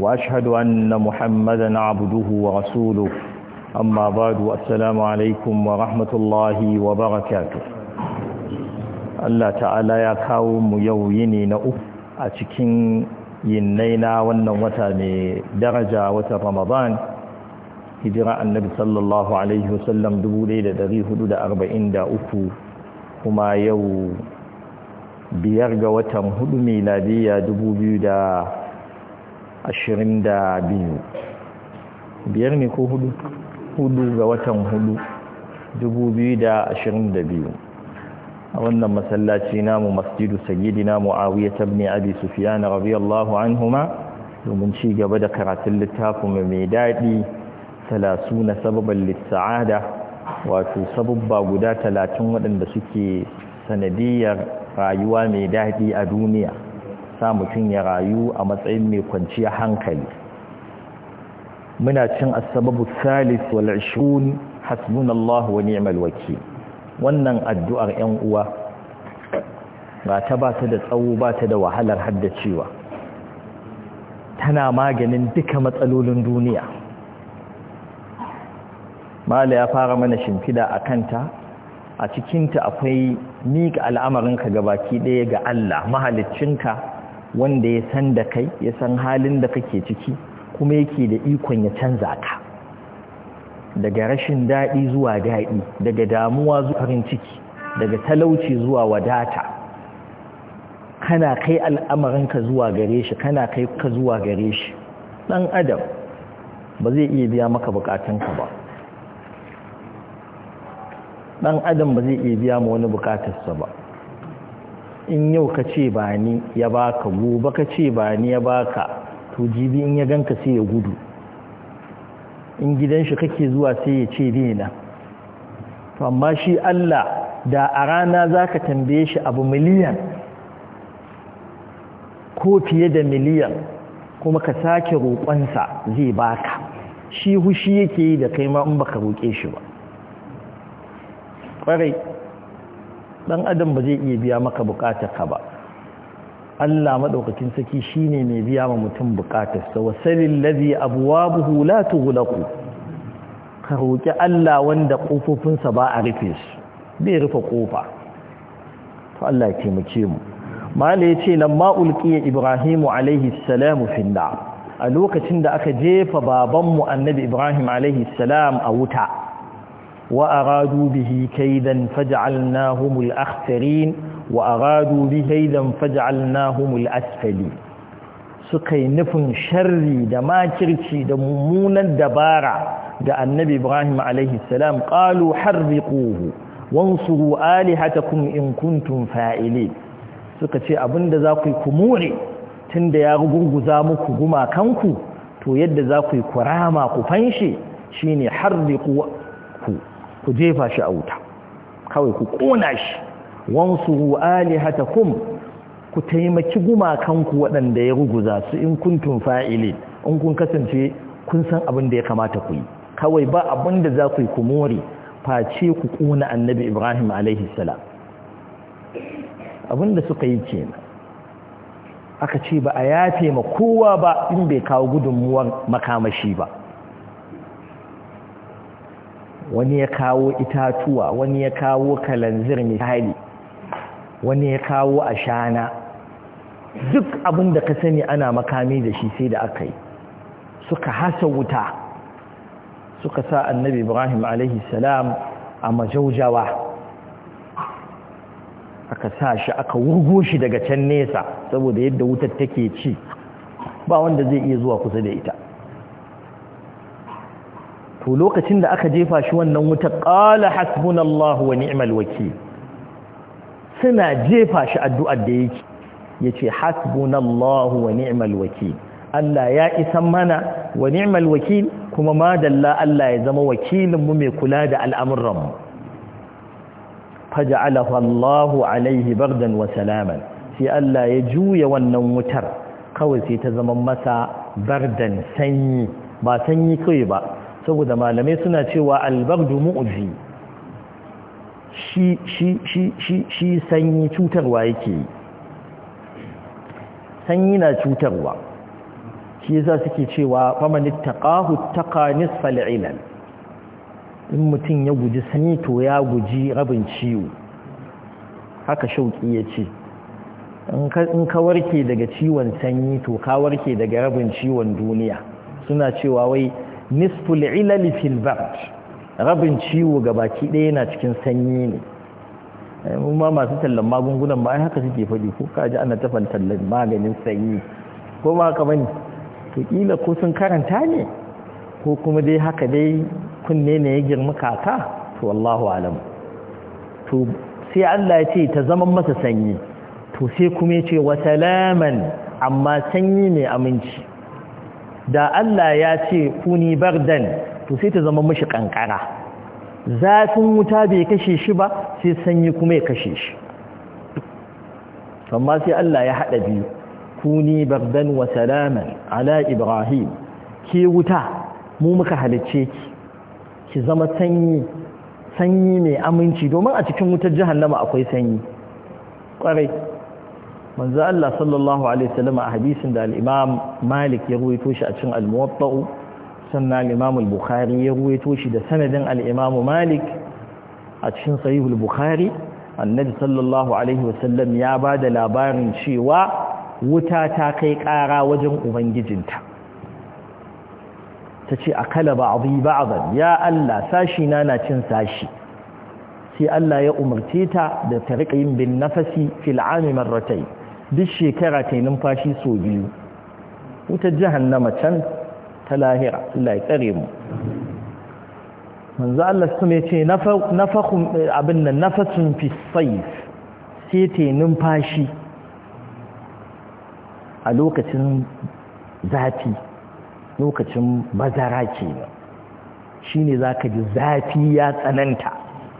واشهد ان محمدا عبده ورسوله اما بعد السلام wa ورحمه الله وبركاته الله تعالى يا كاو ميو يني نو ا cikin yinnaina na wannan wata mai daraja wata ramadan hijira annabi sallallahu alaihi wasallam 1443 kuma yau biyar ga watan hudu miladiya 2000 ashirin biyar ne ko hudu hudu ga watan hudu dubu biyu da ashirin da biyu a wannan masallaci namu masjidu sayyidina muawiya tabni abi sufyan radiyallahu anhuma domin ci gaba da karatun littafin mai daɗi talasu na sababan lissa'ada wato sababba guda talatin waɗanda suke sanadiyar rayuwa mai daɗi a duniya sa mutum ya rayu a matsayin mai kwanciya hankali muna cin asababu salis wal 20 hasbunallahu wa ni'mal wakil wannan addu'ar 'yan uwa ba ta ba ta da tsawo ba ta da wahalar haddacewa tana maganin duka matsalolin duniya mala ya fara mana shimfida a kanta a cikinta akwai miƙa al'amarinka ga baki ɗaya ga Allah mahalicinka wanda ya san da kai ya san halin da kake ciki kuma yake da ikon ya canza ka daga rashin daɗi zuwa daɗi daga damuwa zuwa farin ciki daga talauci zuwa wadata kana kai al'amarinka zuwa gare shi kana kai ka zuwa gare shi ɗan adam ba zai iya biya maka bukatunka ba ɗan adam ba zai iya biya ma wani bukatarsa ba in yau ka ce ba ni ya baka gobe ka ce ba ni ya baka to jibi in ya ganka sai ya gudu in gidan shi kake zuwa sai ya ce na. to amma shi Allah da a rana zaka tambaye shi abu miliyan ko fiye da miliyan kuma ka sake roƙonsa zai baka shi hushi yake yi da kai ma in baka roƙe shi ba ƙwarai dan adam ba zai iya biya maka bukatar ka ba Allah madaukakin saki shine mai biya ma mutum bukatar sa wasalil ladhi abwabuhu la tughlaqu ka roki Allah wanda kofofin sa ba a rufe su bai rufe kofa to Allah ya taimake mu mala yace lamma ulqiya ibrahimu alaihi salam fi a lokacin da aka jefa babanmu annabi ibrahim alaihi salam a wuta وأرادوا به كيدا فجعلناهم الأخسرين وأرادوا به كيدا فجعلناهم الأسفلين سكي نفن شري دما كرشي دمونا دبارة دا النبي إبراهيم عليه السلام قالوا حرقوه وانصروا آلهتكم إن كنتم فاعلين سكي أبن دزاقي كموري tun da ya gurguza muku gumakanku to yadda za ku yi kurama ku fanshe shine harriqu ku jefa shi a wuta kawai ku kona shi wansu hata kuma ku taimaki gumakanku waɗanda ya ruguza su in kun tunfa fa'ilin in kun kasance kun san abin da ya kamata ku yi kawai ba abin da za ku yi ku more face ku kona annabi Ibrahim alaihi salam abin da suka yi kenan aka ce ba a yafe ma kowa ba in bai kawo gudunmuwar makamashi ba wani ya kawo itatuwa wani ya kawo kalanzir misali wani ya kawo ashana duk abin da ka sani ana makami da shi sai da aka yi suka hasa wuta suka sa annabi ibrahim alaihi salam a majaujawa aka sa shi aka wurgo shi daga can nesa saboda yadda wutar take ci ba wanda zai iya zuwa kusa da ita to lokacin da aka jefa shi wannan wuta qala hasbunallahu wa ni'mal wakeel suna jefa shi addu'ar da yake yace hasbunallahu wa ni'mal wakeel Allah ya isa mana wa ni'mal wakeel kuma madalla Allah ya zama wakilin mu mai kula da al'amuran mu Allahu alaihi bardan wa salaman sai Allah ya juya wannan wutar kawai sai ta zama masa bardan sanyi ba sanyi kai ba saboda malamai suna cewa albabdu mu'uzi shi sanyi cutarwa yake sanyi na cutarwa shi yasa suke cewa faman ittaqahu taqa nisfal ilal in mutum ya guji sanyi to ya guji rabin ciwo haka shauki ce, in ka warke daga ciwon sanyi to ka warke daga rabin ciwon duniya suna cewa wai nisful ilali fil rabin ciwo ga baki ɗaya yana cikin sanyi ne eh, mun ma masu tallan magungunan ba ai haka suke faɗi ko ji ana tafan tallan maganin sanyi ko ma ka bani to kila ko sun karanta ne ko kuma dai haka dai kunne ne ya girma kaka to wallahu alam to sai Allah ya ce ta zama masa sanyi to sai kuma ya ce wa salaman amma sanyi mai aminci da Allah ya ce kuni bardan to sai ta zama mashi kankara zafin wuta bai kashe shi ba sai sanyi kuma ya kashe shi amma sai Allah ya haɗa biyu kuni bardan wa salaman ala ibrahim ke wuta mu muka halicce ki ki zama sanyi sanyi mai aminci domin a cikin wutar jahannama akwai sanyi kwarai manzo Allah sallallahu alaihi wasallam a hadisin da al-Imam Malik ya ruwaito shi a cikin al-Muwatta sannan al-Imam al-Bukhari ya ruwaito shi da sanadin al-Imam Malik a cikin Sahih al-Bukhari annabi sallallahu alaihi wasallam ya bada labarin cewa wuta ta kai ƙara wajen ubangijinta ta ce a kala ba'adhi ba'adhan ya Allah sashi na na cin sashi sai Allah ya umarce ta da ta riƙa yin bin nafasi fil marratai duk shekara ta yi numfashi sau biyu wutar jahannama can ta lahira Allah ya tsare mu manzo Allah su mai ce nafakhun abin nan nafasun fi sai ta yi numfashi a lokacin zafi lokacin bazara ke za ka ji zafi ya tsananta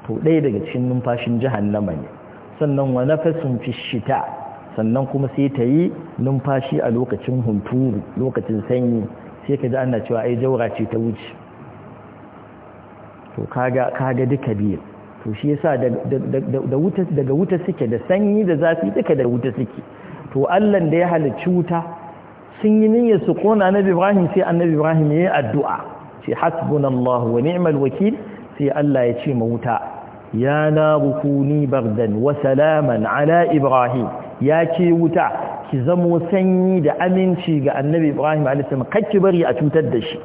to ɗaya daga cikin numfashin jahannama ne sannan wa nafasun fi shita sannan kuma sai ta yi numfashi a lokacin hunturu lokacin sanyi sai ka ji ana cewa ai jaura ce ta wuce to kaga kaga duka biyu to shi yasa daga wuta suke da sanyi da zafi duka da wuta suke to allan da ya halicci wuta sun yi niyyar su kona annabi ibrahim sai annabi ibrahim ya yi addu'a ce hasbunallahu wa ni'mal wakil sai allah ya ce ma wuta ya na rukuni bardan wa salaman ala ibrahim ya ce wuta ki zamo sanyi da aminci ga annabi ibrahim alisalam ki bari a cutar da shi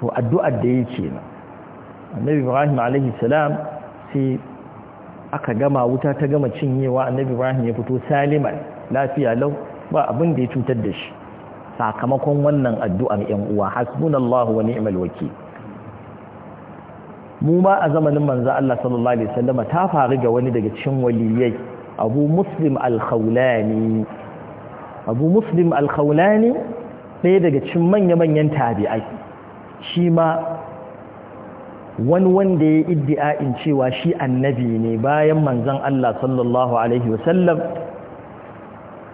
to addu'ar da ya ce na annabi ibrahim alisalam sai aka gama wuta ta gama cinyewa annabi ibrahim ya fito salima lafiya lau ba abin da ya cutar da shi sakamakon wannan addu'ar 'yan uwa hasbunallahu wa ni'mal wakil mu ma a zamanin manzo Allah sallallahu alaihi wasallam ta faru ga wani daga cikin waliyai Abu Muslim al-Khawlani Abu Muslim al-Khawlani sai daga cikin manya-manyan tabi'ai shi ma wani wanda ya in cewa shi annabi ne bayan manzon Allah sallallahu alaihi wasallam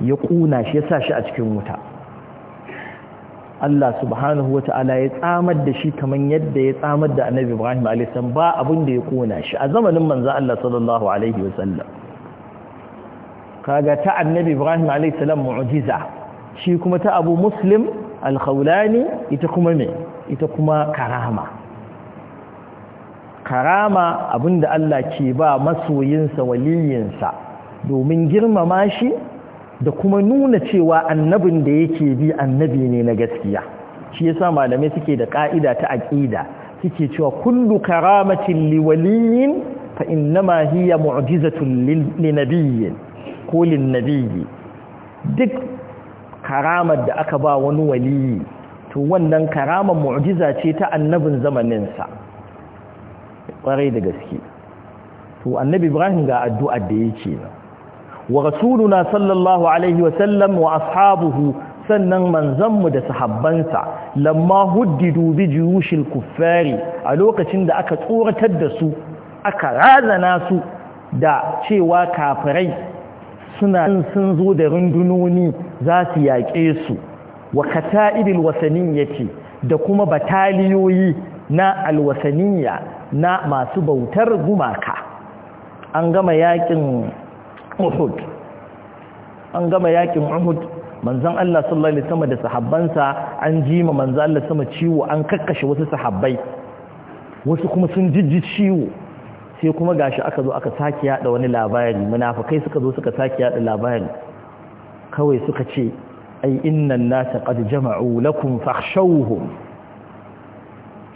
ya kuna shi ya shi a cikin wuta Allah subhanahu wa ta'ala ya tsamar da shi kamar yadda ya tsamar da annabi Ibrahim a.s. ba abin da ya kona shi a zamanin manza Allah sallallahu Alaihi wasallam. Kaga ta annabi Ibrahim a.s. mu'ujiza shi kuma ta abu Muslim alkhaulani ita kuma me ita kuma karama. Karama abin Allah ke ba masoyinsa waliyinsa domin girmama shi da kuma nuna cewa annabin da yake bi annabi ne na gaskiya shi yasa malamai suke da ka'ida ta aqida suke cewa kullu karamatin liwaliyin fa innama hiya mu'jizatun linabiyyin ko linnabiyyi duk karamar da aka ba wani waliyi to wannan karamar mu'jiza ce ta annabin zamanin sa kwarai da gaske to annabi Ibrahim ga addu'ar da yake nan wa rasuluna sallallahu alaihi wa sallam wa ashabuhu sannan manzanmu da sahabbansa lamma huddidu bi juyushil kuffari a lokacin da aka tsoratar da su aka razana su da cewa kafirai suna sun zo da rundunoni za su yaƙe su wa kata'idil wasaniyati da kuma bataliyoyi na alwasaniya na masu bautar gumaka an gama yakin uhud an gama yakin uhud manzon Allah sallallahu alaihi wasallam da sahabbansa an jima manzon Allah sama ciwo an kakkashe wasu sahabbai wasu kuma sun jijji ciwo sai kuma gashi aka zo aka saki yada wani labari munafikai suka zo suka saki yada labari kawai suka ce ai innan nasa qad jama'u lakum fakhshawhum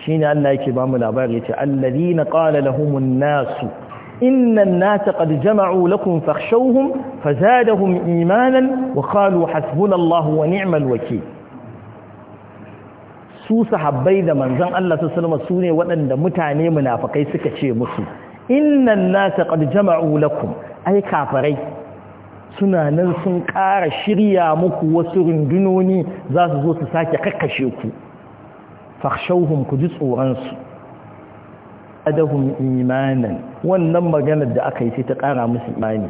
shine Allah yake ba mu labari yace alladhina qala lahumun nasu إن الناس قد جمعوا لكم فاخشوهم فزادهم إيمانا وقالوا حسبنا الله ونعم الوكيل su sahabbai da manzon Allah ta sallama su ne waɗanda mutane munafakai suka ce musu innan nasa qad jama'u lakum ai kafarai suna nan sun ƙara shirya muku wasu rundunoni za su zo su sake kakkashe ku fakhshawhum ku ji tsoron su zadahum imanan wannan maganar da aka yi sai ta ƙara musu imani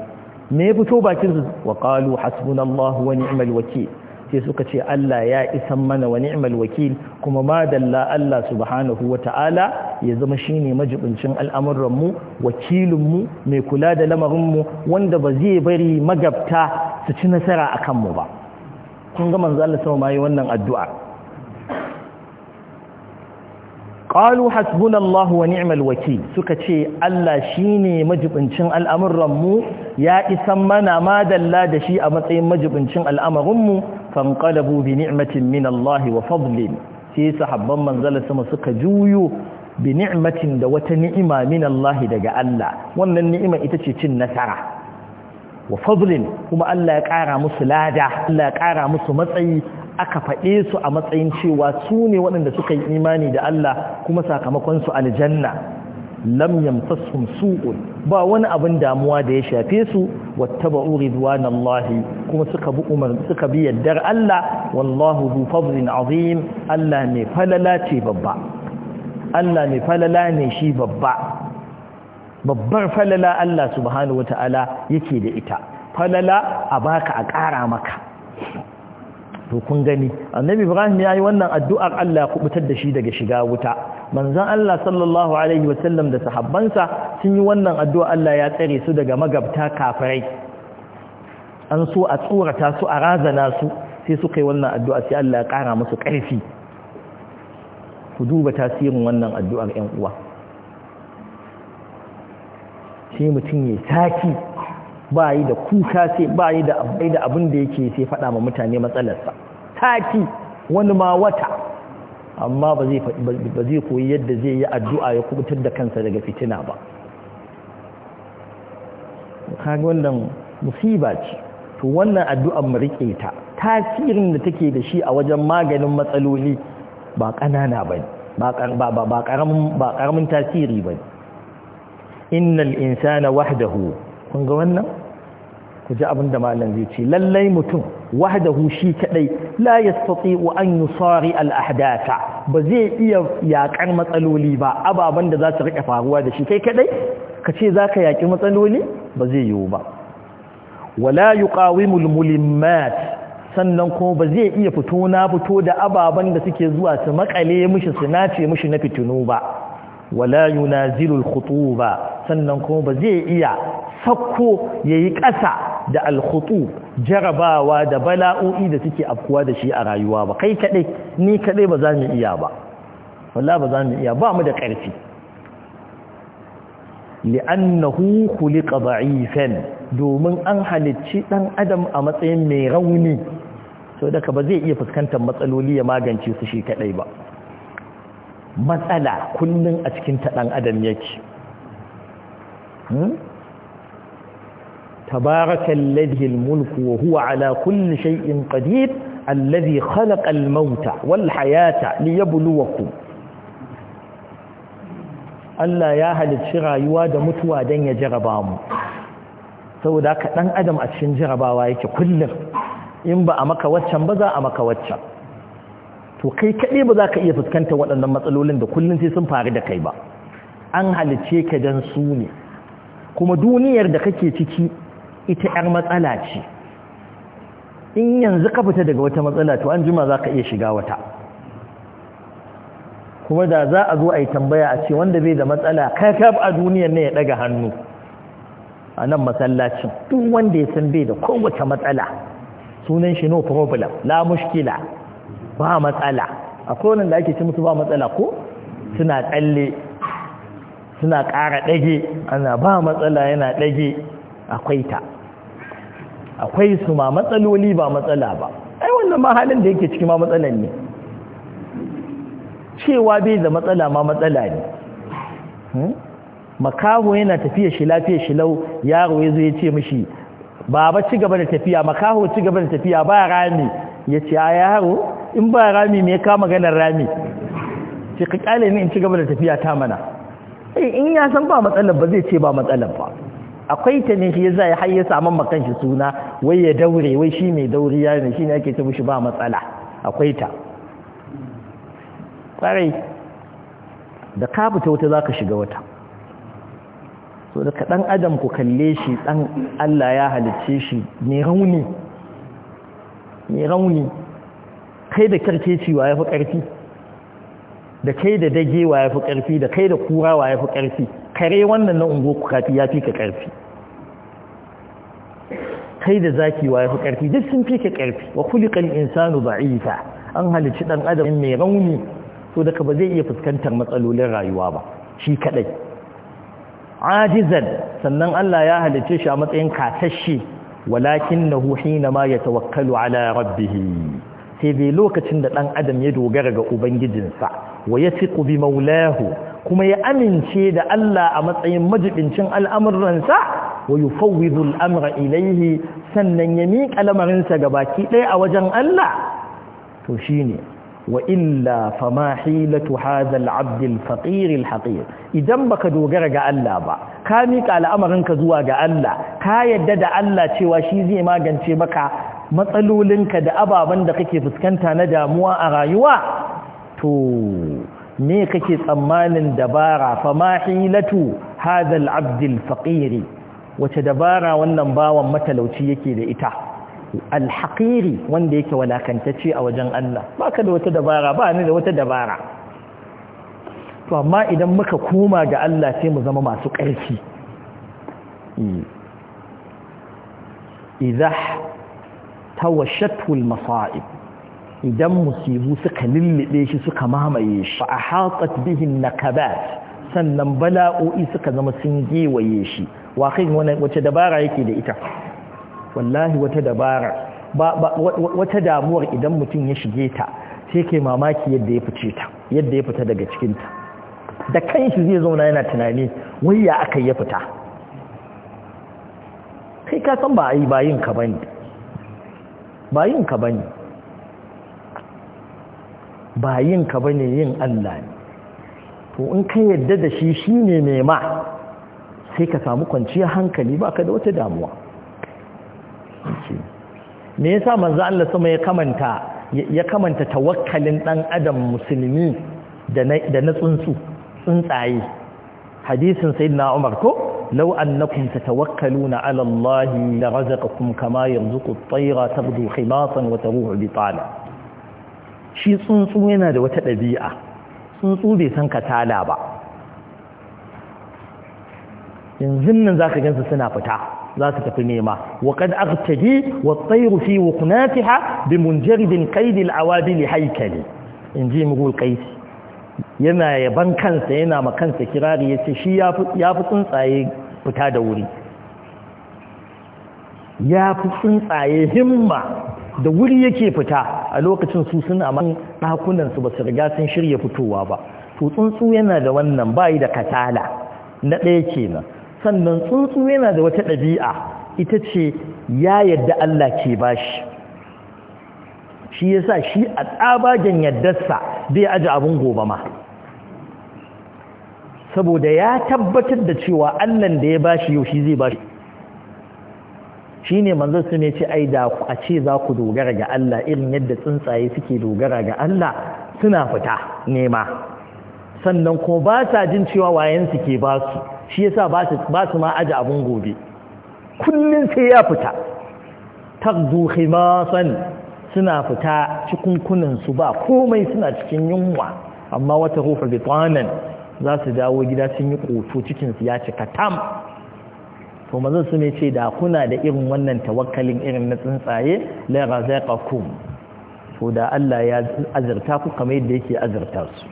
me ya fito bakin su wa qalu hasbunallahu wa ni'mal wakeel sai suka ce Allah ya isan mana wa ni'mal wakeel kuma ma dalla Allah subhanahu ta'ala ya zama shine majibincin al'amuran mu wakilin mu mai kula da lamarin mu wanda ba zai bari magabta su ci nasara akan mu ba kun ga manzo Allah sama mai wannan addu'a qalu hasbunallahu wa ni'mal wakeel suka ce Allah shine majibincin al'amuran mu ya isan mana madalla da shi a matsayin majibincin al'amuran mu fanqalabu bi ni'matin min Allah wa fadlin sai sahabban manzala sama suka juyo bi ni'matin da wata ni'ima min Allah daga Allah wannan ni'ima ita ce cin nasara wa fadlin kuma Allah ya ƙara musu lada Allah ya ƙara musu matsayi aka faɗe su a matsayin cewa su ne waɗanda suka yi imani da Allah kuma sakamakonsu aljanna lam yamtasum su'un ba wani abin damuwa da ya shafe su wattaba'u ridwanallahi kuma suka bi umar suka bi yaddar Allah wallahu zu fadlin azim Allah ne falala ce babba Allah ne falala ne shi babba babbar falala Allah subhanahu wata'ala yake da ita falala a baka a ƙara maka to kun gani annabi ibrahim yayi wannan addu'ar Allah ya kubutar da shi daga shiga wuta manzon Allah sallallahu alaihi wasallam da sahabbansa sun yi wannan addu'a Allah ya tsare su daga magabta kafirai an so a tsorata su a razana su sai suka yi wannan addu'a sai Allah ya kara musu ƙarfi ku duba tasirin wannan addu'ar ƴan uwa sai mutum ya taki ba yi da kuka sai ba yi da abai da abin da yake sai faɗa ma mutane matsalarsa taki wani ma wata amma ba zai koyi yadda zai yi addu'a ya kubutar da kansa daga fitina ba kaga wannan musiba ce to wannan addu'a mu rike ta tasirin da take da shi a wajen maganin matsaloli ba ƙanana ba ba ƙaramin tasiri ba innal insana wahdahu kun ga wannan ku ji abin da malam zai ce lallai mutum wahdahu shi kadai la yastati'u an yusari al ahdatha ba zai iya yakar matsaloli ba ababan da za su rike faruwa da shi kai kadai ka ce zaka yaki matsaloli ba zai yiwu ba wala yuqawimu al mulimmat sannan kuma ba zai iya fito na fito da ababan da suke zuwa su makale mishi su nace mishi na fitinu ba wala yunazilul khutuba sannan kuma ba zai iya sakko yayi ƙasa da alkhutu jarabawa da bala'o'i da suke afkuwa da shi a rayuwa ba kai kadai ni kadai ba za mu iya ba wallahi ba za mu iya ba mu da ƙarfi li'annahu khuliqa da'ifan domin an halicci dan adam a matsayin mai rauni so daga ba zai iya fuskantar matsaloli ya magance su shi kadai ba matsala kullum a cikin taɗan adam yake تبارك hmm? الذي ala kulli على كل شيء قدير mauta خلق الموت والحياة buluwaku, Allah ya halicci rayuwa da mutuwa don ya jaraba mu saboda ka ɗan adam a cikin jarabawa yake kullum in ba a maka waccan ba za a maka waccan to kai kaɗai ba za ka iya fuskantar waɗannan matsalolin da kullum sai sun faru da kai ba an halice ka dan su ne kuma duniyar da kake ciki ita 'yar matsala ce in yanzu ka fita daga wata matsala to an jima za ka iya shiga wata kuma da za a zo a yi tambaya a ce wanda bai da matsala kakab a duniyar ne ya ɗaga hannu a nan masallacin duk wanda ya san bai da kowace matsala sunan shi no problem la mushkila ba matsala akwai wannan da ake ci musu ba matsala ko suna tsalle suna ƙara ɗage ana ba matsala yana ɗage akwai ta akwai su ma matsaloli ba matsala ba ai wannan ma halin da yake ciki ma matsalan ne cewa bai da matsala ma matsala ne hmm? makaho yana tafiya shi lafiya shi lau yaro ya zo ya ce mishi baba ci gaba da tafiya makaho ci gaba da tafiya ba rami ya ce a yaro in ba rami me ka ganin rami ce ka kyale ni in ci gaba da tafiya ta mana eh in ya san ba matsalar ba zai ce ba matsalar ba akwai ta ne shi ya zai har ya samu makan shi suna wai ya daure wai shi mai ya ne shi ne ake ce shi ba matsala akwai ta kwarai da ka fita wata zaka shiga wata so da dan adam ku kalle shi ɗan Allah ya halicce shi mai rauni mai rauni kai da karkeci wa ya fi ƙarfi da kai da dage wa ya fi ƙarfi da kai da kura wa ya fi ƙarfi kare wannan na ungo kafi ya fi ka ƙarfi kai da zaki wa ya fi ƙarfi duk sun fi ka ƙarfi wa kulikan insanu ba'ifa an halici ɗan adam mai rauni to daga ba zai iya fuskantar matsalolin rayuwa ba shi kaɗai ajizan sannan Allah ya halice shi a matsayin kasashe walakin na hina ma ya tawakkalu ala rabbihi sai dai lokacin da ɗan adam ya dogara ga ubangijinsa wa ya fi ƙubi maulahu kuma ya amince da Allah a matsayin majibincin al'amuransa wa yi fawwizul amra ilaihi sannan ya miƙa lamarinsa ga baki ɗaya a wajen Allah to shi ne wa illa fama hilatu hazal abdil faƙiril haqir idan baka dogara ga Allah ba ka miƙa al'amarinka zuwa ga Allah ka yadda da Allah cewa shi zai magance maka matsalolinka da ababen da kake fuskanta na damuwa a rayuwa to me kake tsammanin dabara fa ma hilatu hadha al-abd al-faqir wace dabara wannan bawan matalauci yake da ita al-haqiri wanda yake walakantacce a wajen Allah baka da wata dabara ba ni da wata dabara to amma idan muka koma ga Allah sai mu zama masu ƙarfi hmm. idah Ta tawashatul masa'ib idan musibu suka lullube shi suka mamaye shi a haƙat bihin nakabat sannan bala'o'i suka zama sun gewaye shi waƙin wace dabara yake da ita wallahi wata dabara wata damuwar idan mutum ya shige ta sai kai mamaki yadda ya fice ta yadda ya fita daga cikin ta da kanshi zai zauna yana tunani wai ya aka ya fita kai ka san ba ai yi bayin ka bane ba yin ka bane ba yin ka ne yin Allah ne to in ka yadda da shi shine mai ma sai ka samu kwanciyar hankali ba ka da wata damuwa me sa manzo Allah sama ya kamanta ya kamanta tawakkalin ɗan adam musulmi da na da tsuntsu tsuntsaye hadisin sayyidina Umar ko لو أنكم تتوكلون على الله لرزقكم كما يرزق الطير تبدو خماطا وتروح بطالا شي صنصوين هذا وتأذيئة صنصو بي سنك تالابا ينزلنا ذاك جنس سنة فتاة ذاك تقنيمة وقد أغتدي والطير في وقناتها بمنجرد قيد العوادل حيكلي إنجي مقول قيسي yana yaban kansa yana ma kansa kirari ya ce shi ya fi tsuntsaye fita da wuri ya fi tsuntsaye himma da wuri yake fita a lokacin su sun amma ɗakunansu ba su riga sun shirya fitowa ba to tsuntsu yana da wannan bayi da katala na ɗaya kenan sannan tsuntsu yana da wata ɗabi'a ita ce ya yadda Allah ke bashi shi yasa shi a tsabagen yaddarsa zai aji abin gobe ma saboda ya tabbatar da cewa allan da ya bashi yau shi zai bashi shi ne manzo su ne ce ai da a ce za ku dogara ga allah irin yadda tsuntsaye suke dogara ga allah suna fita nema sannan kuma ba sa jin cewa wayansu ke ba su shi yasa ba su ma aji abin gobe kullum sai ya fita tagdu khimasan suna fita cikunkunansu ba komai suna cikin yunwa amma wata rufa bitanan za su dawo gida sun yi ƙoto cikinsu ya cika tam to mazan su ne ce da kuna da irin wannan tawakkalin irin na tsuntsaye la razaqakum to da Allah ya azurta ku kamar yadda yake azurta su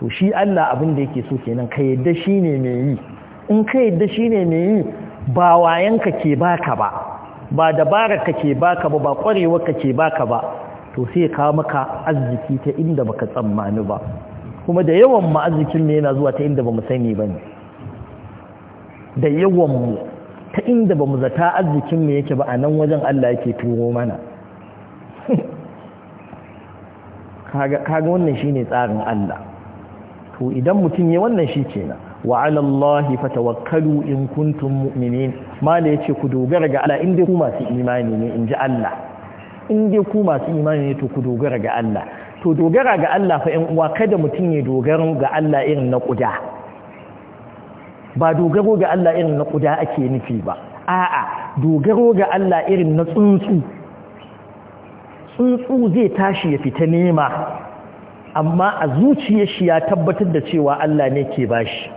to shi Allah abin da yake so kenan ka yadda shine mai yi in ka yadda shine mai yi ba wayanka ke baka ba ba dabarar kake ke baka ba ba kwarewar kake baka ba to sai ka maka arziki ta inda baka tsammani ba kuma da yawan mu arzikin ne yana zuwa ta inda bamu sani bane da yawan mu ta inda bamu zata arzikin mu yake ba anan nan wajen Allah yake turo mana kaga wannan shine tsarin Allah to idan mutum ya wannan shi kenan wa ala Allah fatawakkalu in kuntum mu'minin mala yace ku dogara ga Allah inda ku masu imani ne inji Allah inda ku masu imani ne to ku dogara ga Allah to dogara ga Allah fa in uwa kada mutum ya dogara ga Allah irin na kuda ba dogaro ga Allah irin na kuda ake nufi ba a'a dogaro ga Allah irin na tsuntsu tsuntsu zai tashi ya fita nema amma a zuciyar shi ya tabbatar da cewa Allah ne ke bashi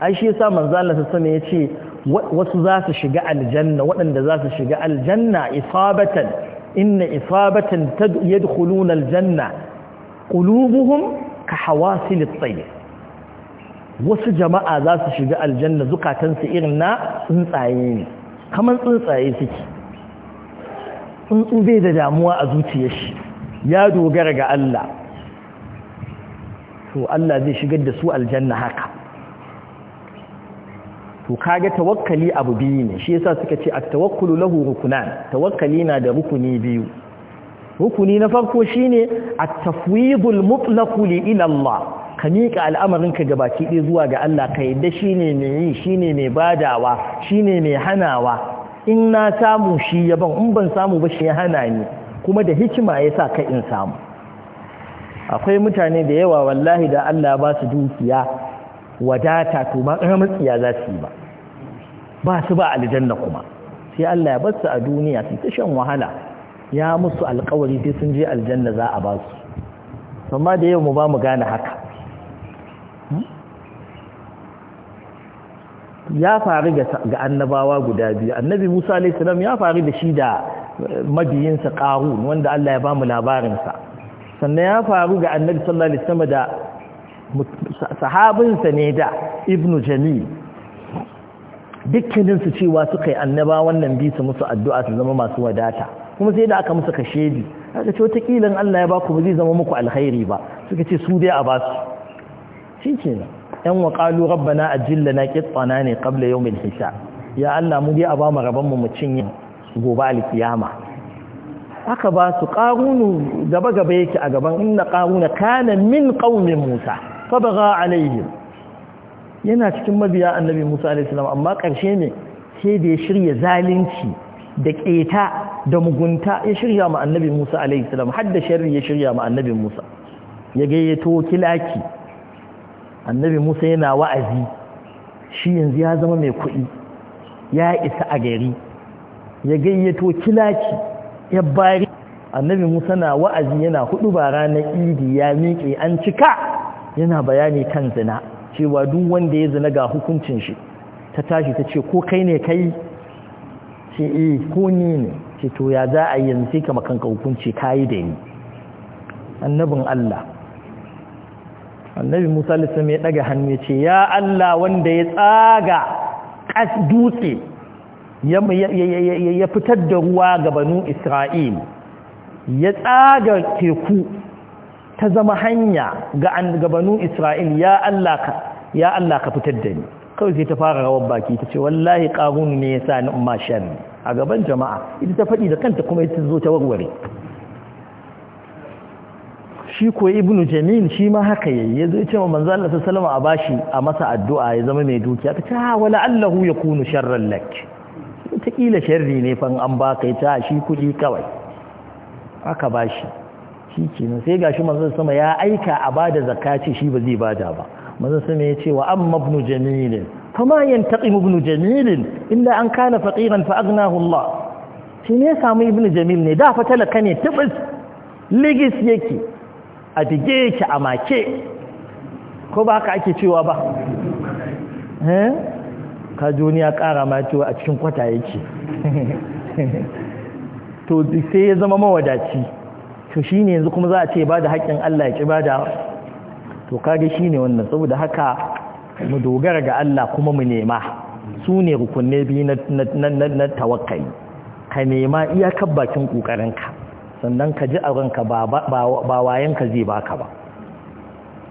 ai shi yasa manzo Allah sallallahu ya ce wasu za su shiga aljanna waɗanda za su shiga aljanna isabatan inna isabatan yadkhuluna aljanna qulubuhum ka hawasil at-tayr wasu jama'a za su shiga aljanna zukatansu irin na tsuntsaye ne kamar tsuntsaye suke tsuntsu bai da damuwa a zuciyar shi ya dogara ga Allah to Allah zai shigar da su aljanna haka to kaga tawakkali abu biyu ne shi yasa suka ce at-tawakkulu lahu rukunan tawakkali na da rukuni biyu rukuni na farko shine at-tafwidul mutlaq li ila Allah ka miƙa al'amarinka gabaki ɗaya zuwa ga Allah ka yadda shine mai yi shine mai badawa shine mai hanawa in na samu shi yaban in ban samu ba shi ya hana ni kuma da hikima yasa ka in samu akwai mutane da yawa wallahi da Allah ba su dukiya wadata to ba ƙaramin tsiya za su yi ba ba su ba aljanna kuma sai Allah ya bar su a duniya su ta shan wahala ya musu alƙawari sai sun je aljanna za a ba su amma da yau mu ba mu gane haka ya faru ga annabawa guda biyu annabi musa salam ya faru da shi da eh, mabiyinsa ƙaru wanda allah ya ba mu labarinsa sannan ya faru ga annabi sallallahu alaihi wasallam da sahabinsa ne da ibnu jamil dukkaninsu cewa suka yi annaba wannan bi musu addu'a su zama masu wadata kuma sai da aka musu kashedi aka ce wataƙila Allah ya ba ba zai zama muku alkhairi ba suka ce su dai a ba su shi kenan yan rabbana qalu rabbana qitana ne qabla yawmil hisab ya Allah mu dai a ba mu rabon mu cinye gobe alkiyama aka ba su qarunu gaba gaba yake a gaban inna na kana min ƙaunin musa fabaga alaihim yana cikin mabiya annabi Musa alaihi amma ƙarshe ne sai da ya shirya zalunci da ƙeta da mugunta ya shirya ma annabi Musa alaihi salam har da sharri ya shirya ma annabi Musa ya gayyato kilaki annabi Musa yana wa'azi shi yanzu ya zama mai kuɗi ya isa a gari ya gayyato kilaki ya bari annabi Musa na wa'azi yana hudu bara na idi ya miƙe an cika yana bayani kan zina cewa duk wanda ya zina ga hukuncin shi ta tashi ta ce ko kai ne kai ce eh ko ni ne ce to ya za a yanzu sai kama kanka hukunci kai da ni annabin Allah annabi Musa alaihi lissalam ya daga hannu ya ce ya Allah wanda ya tsaga kas dutse ya fitar da ruwa ga banu Isra'il ya tsaga teku ta zama hanya ga an gabanu Isra'il ya Allah ka ya Allah ka fitar da ni kawai sai ta fara rawar baki ta ce wallahi qarun ne sa ni umma shan a gaban jama'a ita ta fadi da kanta kuma ita zo ta warware shi ko ibnu jamil shi ma haka yayi yazo ya ce wa manzo Allah sallallahu alaihi a bashi a masa addu'a ya zama mai dukiya ta ce ha wala allahu yakunu sharran lak ta kila sharri ne fa an baka ita shi kudi kawai aka bashi shi nan sai gashi manzon sama ya aika a bada zakati shi ba zai bada ba manzon sama ya ce wa amma ibn jamil ma yantaqimu ibn jamil illa an kana faqiran fa aghnahu Allah shi ne samu ibn jamil ne da fa talaka ne tubis ligis yake a dige yake a make ko ba ka ake cewa ba eh ka duniya kara ma cewa a cikin kwata yake to sai ya zama mawadaci to shi ne yanzu kuma za a ce ba da haƙƙin Allah ya ki ba da to kage ne wannan saboda haka mu dogara ga Allah kuma mu nema su ne rukunne biyu na tawakkali ka nema iyakar bakin ƙoƙarinka sannan ka ji a ranka ba wayanka zai baka ba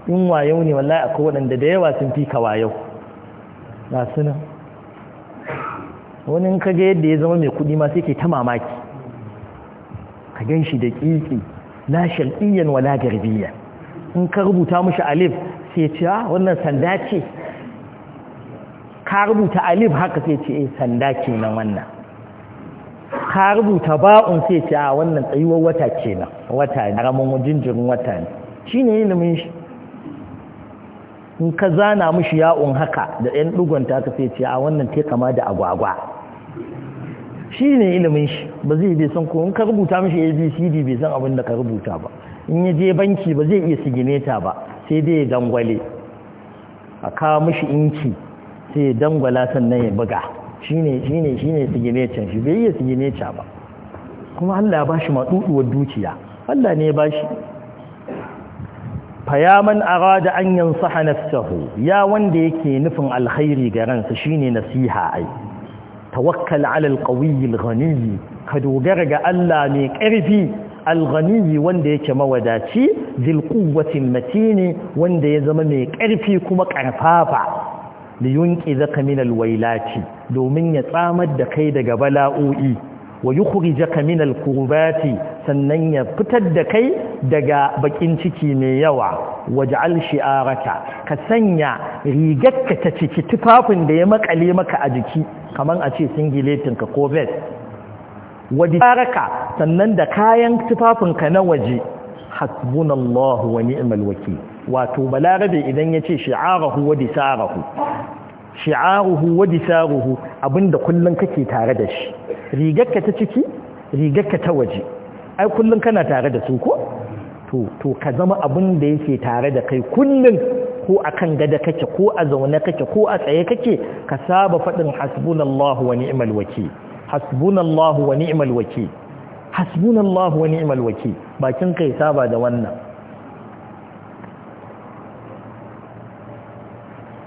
in wayo ne wallahi akwai waɗanda da yawa sun fi ka wayo su nan wani in kaga yadda ya zama mai kuɗi ma sai ke ta mamaki ka gan shi da ƙiƙi na shar'iyyan wala garbiyan in ka rubuta mashi alif sai ce ah, wannan sanda ce ka rubuta alif haka sai ce eh sanda kenan wannan ka rubuta ba'un sai ce a ah, wannan tsayuwar wata kenan wata ne ramin jinjirin wata ne shine ilimin shi in ka zana mashi ya'un haka da 'yan dugonta haka sai ce a ah, wannan te kama da agwagwa shi ne ilimin shi ba zai bai san ko ka rubuta mashi abcd bai san abin da ka rubuta ba in ya je banki ba zai iya sigine ta ba sai dai ya dangwale a kawo mashi inci sai ya dangwala sannan ya buga shi ne shi ne shi ne siginecin shi bai iya sigineta ba kuma allah ya bashi maɗuɗuwar dukiya allah ne ya shi fayaman arada an yansaha nafsahu ya wanda yake nufin alkhairi ga ransa shine nasiha ai tawakkal alal ƙawiyyar alghani ka dogara ga Allah mai ƙarfi alghani wanda yake mawadaci dil matini wanda ya zama mai ƙarfi kuma ƙarfafa liyunqizaka min wailaci domin ya tsamar da kai daga bala'o'i wa yukhrijaka min al-kurbati sannan ya fitar da kai daga bakin ciki mai yawa waj'al shi'araka ka sanya rigarka ta ciki tufafin da ya makale maka a jiki Kamar a ce singletin ka ko vest wadaraka sannan da kayan tufafin ka na waje hasbunallahu wa ni'mal wakeel wato balarabe idan ya ce shi'arahu wa disarahu shi'aruhu wa disaruhu abinda kullun kake tare da shi rigarka ta ciki rigarka ta waje ai kullum kana tare da su ko to ka zama abin da yake tare da kai kullum ko akan gada kake ko a zaune kake ko a tsaye kake ka saba faɗin hasbunallahu wa ni'mal wakil hasbunallahu wa ni'mal wakil hasbunallahu wa ni'mal wakil bakin kai saba da wannan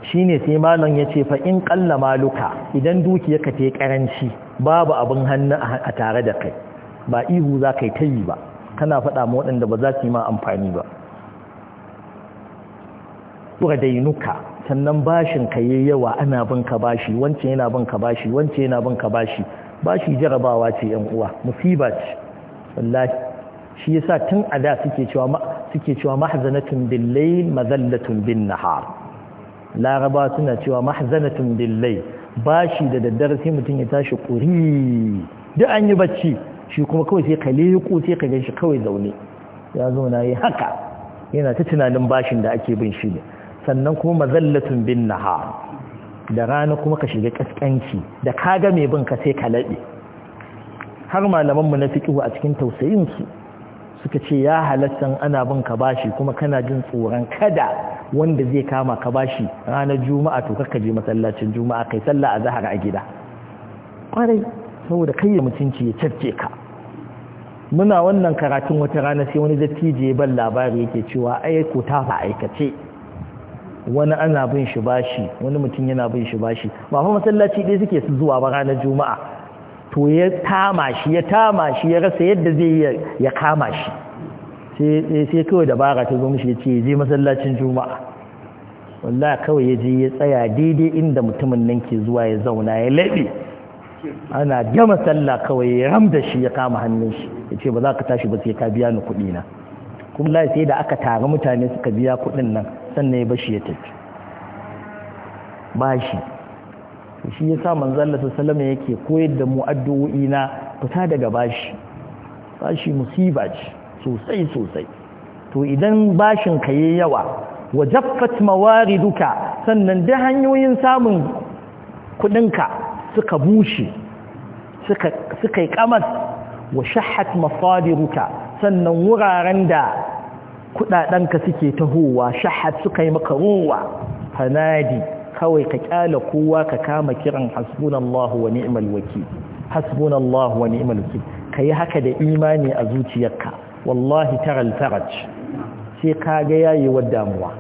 shine sai malam yace fa in qalla maluka idan dukiyarka ta yi karanci babu abin hannu a tare da kai ba ihu za ka yi ta yi ba kana faɗa ma waɗanda ba za su yi ma amfani ba yi nuka. sannan bashin ka yi yawa ana bin ka bashi wancan yana bin ka bashi wancan yana bin ka bashi bashi jarabawa ce yan uwa musiba ce wallahi shi yasa tun a da suke cewa suke cewa mahzanatun mazallatun bin-nahar laraba suna cewa mahzanatun billai bashi da daddare sai mutum ya tashi ƙuri duk an yi bacci shi kuma kawai sai ka leƙo sai ka gan shi kawai zaune ya zo na yi haka yana ta tunanin bashin da ake bin shi ne sannan kuma mazallatun bin naha da rana kuma ka shiga kaskanci da ka ga mai bin ka sai ka laɓe har malamanmu na fi fiƙihu a cikin tausayinsu suka ce ya halatta ana bin ka bashi kuma kana jin tsoron kada wanda zai kama ka bashi ranar juma'a to ka je masallacin juma'a kai sallah a zahar a gida kwarai saboda kai ya mutunci ya cafke ka muna wannan karatun wata rana sai wani dattijo ya ban labari yake cewa ai ko ta fa aikace wani ana bin shi bashi wani mutum yana bin shi bashi ba fa masallaci dai suke zuwa ba ranar juma'a to ya tama shi ya tama shi ya rasa yadda zai ya kama shi sai kawai dabara ta zo mishi ya ce je masallacin juma'a wallah kawai ya je ya tsaya daidai inda mutumin nan ke zuwa ya zauna ya laɓe ana gama masalla kawai ya ramda shi ya kama hannun shi ya ce ba za ka tashi ba sai ka biya ni kuɗi na kuma sai da aka tara mutane suka biya kuɗin nan sannan ya bashi ya tafi bashi shi ya sa Allah salama yake koyar da mu addu'o'i na fita daga bashi bashi musiba ce sosai sosai to idan bashin ka yi yawa wa mawari duka sannan da hanyoyin samun kudinka suka bushe suka yi kamar wa shahhat masadiruka sannan wuraren da kudadanka suke tahowa shahat suka yi maka fanadi kawai ka kyala kowa ka kama kiran hasbunallahu wa ni'mal wakil hasbunallahu wa ni'mal wakil kai haka da imani a zuciyarka wallahi taral faraj sai ka ga yayi wa damuwa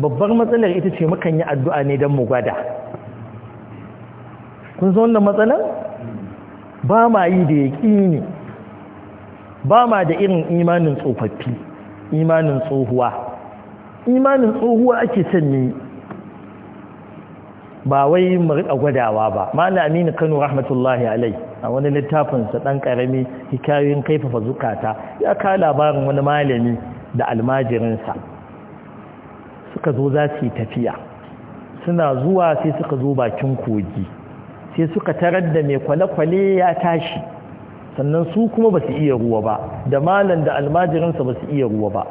babbar matsalar ita ce mukan yi addu'a ne don mu gwada kun san wannan matsalar ba ma yi da yaqini ba ma da irin imanin tsofaffi imanin tsohuwa imanin tsohuwa ake sanni ba wai marika gwadawa ba mala aminu kano rahmatullahi alai a wani littafinsa ɗan ƙarami hikayoyin kaifafa zukata ya ka labarin wani malami da almajirinsa suka zo za su yi tafiya suna zuwa sai suka zo bakin kogi sai suka tarar da mai kwale-kwale ya tashi sannan su kuma ba su iya ruwa ba da malam da almajirinsa ba su iya ruwa ba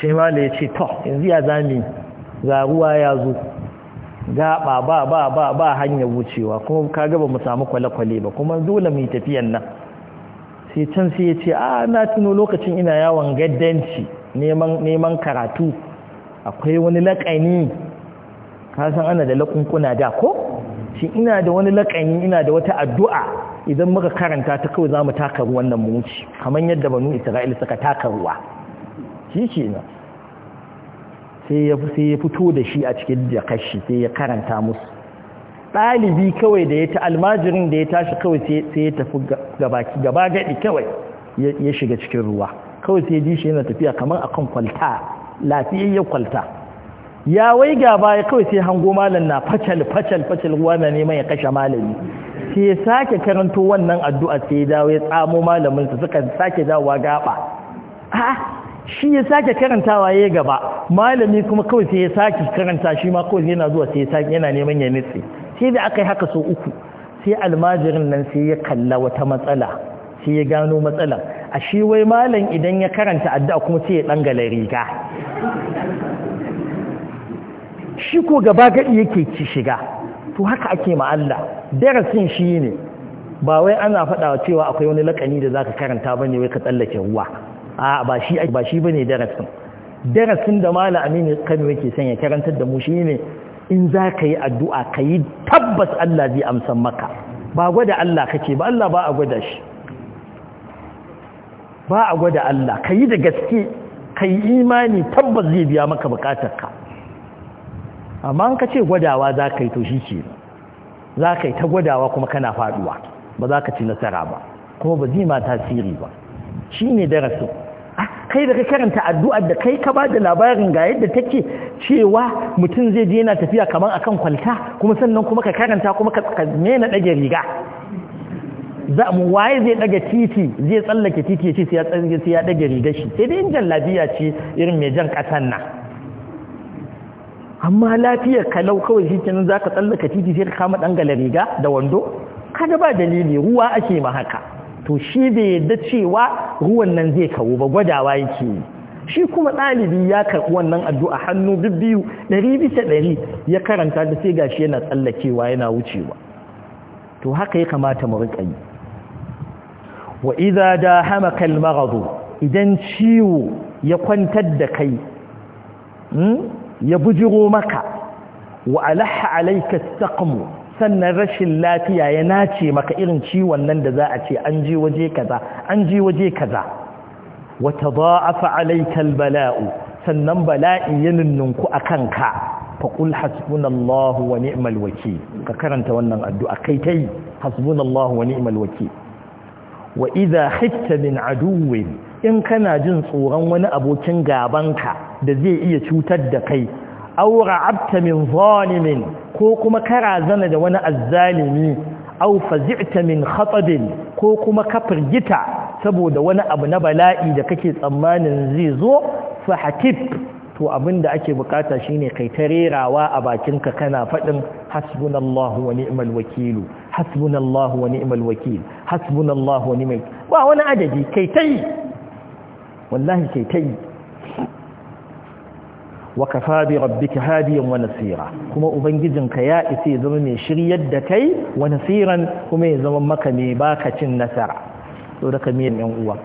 shi ya ce to yanzu ya zami ga ruwa ya zo gaba ba ba ba ba hanyar wucewa kuma ka gaba mu samu kwale-kwale ba kuma dole mu yi tafiyan nan sai can sai ya ce a na tuno lokacin ina yawon gaddanci neman karatu akwai wani laƙani kasan ana da laƙunkuna da ko shi ina da wani laƙani ina da wata addu'a idan muka karanta ta kawai za mu taka ruwan nan mu wuce kamar yadda banu isra'il suka taka ruwa shi sai ya fito da shi a cikin jakashi sai ya karanta musu ɗalibi kawai da ya ta almajirin da ya tashi kawai sai ya tafi gaba gaɗi kawai ya shiga cikin ruwa kawai sai ji shi yana tafiya kamar akan kwalta lafiyayyen kwalta ya wai gaba ya kawai sai hango malam na facal facal facal ruwa na neman ya kashe malami sai ya sake karanto wannan addu'a sai ya dawo ya tsamo malaminsa suka sake dawowa gaba ah, shi ya sake karantawa ya gaba malami kuma kawai sai ya sake karanta shi ma kawai yana zuwa sai ya sake yana neman ya nitse sai da aka yi haka sau uku sai almajirin nan sai ya kalla wata matsala sai ya gano matsala a shi wai malam idan ya karanta addu'a kuma sai ya dangala riga shi ko gaba gadi yake ci shiga to haka ake ma Allah darasin shi ne ba wai ana faɗawa cewa akwai wani lakani da zaka karanta bane wai ka tsallake ruwa a ba shi ba shi darasin darasin da mala amini kano yake sanya karantar da mu shi ne in za ka yi addu'a ka yi tabbas Allah zai amsan maka ba gwada Allah kake ba Allah ba a gwada shi ba a gwada Allah ka yi da gaske ka yi imani tabbas zai biya maka ka amma an ka ce gwadawa za ka yi to shi ke za ka yi ta gwadawa kuma kana faduwa ba za ka ci nasara ba kuma ba zai ma tasiri ba shi ne darasin Ah, kai da ka karanta addu'ar da kai ka ba da labarin ga yadda take cewa mutum zai je yana tafiya kamar akan kwalta kuma sannan kuma ka karanta kuma ka mena ɗage riga za mu waye zai dage titi zai tsallake titi ya ce sai ya ɗage riga shi sai dai injin lafiya ce irin mai jan ƙasan nan amma lafiyar kalau kawai shi kenan za ka tsallaka titi sai ka kama ɗangala riga da wando kada ba dalili ruwa ake ma haka to shi bai yadda cewa ruwan nan zai kawo ba gwadawa yake yi shi kuma ɗalibi ya karɓi wannan addu'a hannu biyu ɗari bisa ɗari ya karanta da sai gashi yana tsallakewa yana wucewa to haka ya kamata mu riƙa yi wa iza da hamakal maradu idan ciwo ya kwantar da kai hmm, ya bujiro maka wa alaha alaika saqmu sannan rashin lafiya ya nace maka irin ciwon nan da za a ce an je waje kaza an je waje kaza wa tadaafa sannan bala'i ya nunnunku a kanka fa hasbunallahu wa ni'mal ka karanta wannan addu'a kai yi hasbunallahu wa ni'mal wakeel wa idha khitta min aduwwin in kana jin tsoron wani abokin gabanka da zai iya cutar da kai aw ra'abta min zalimin ko kuma karazana da wani azzalimi aw fazi'ta min khatabin ko kuma ka firgita saboda wani abu na bala'i da kake tsammanin zai zo fa hatib to abinda ake bukata shine kai tarerawa a bakinka kana fadin hasbunallahu wa ni'mal wakeel hasbunallahu wa ni'mal wakeel hasbunallahu wa ni'mal Wa wani adadi kai tai wallahi kai tai wa kafa bi rabbika hadiyan wa nasira kuma ubangijinka ya isa ya zama mai shiryar da kai wa nasiran kuma ya zama maka mai baka cin nasara to da kamiyan yan uwa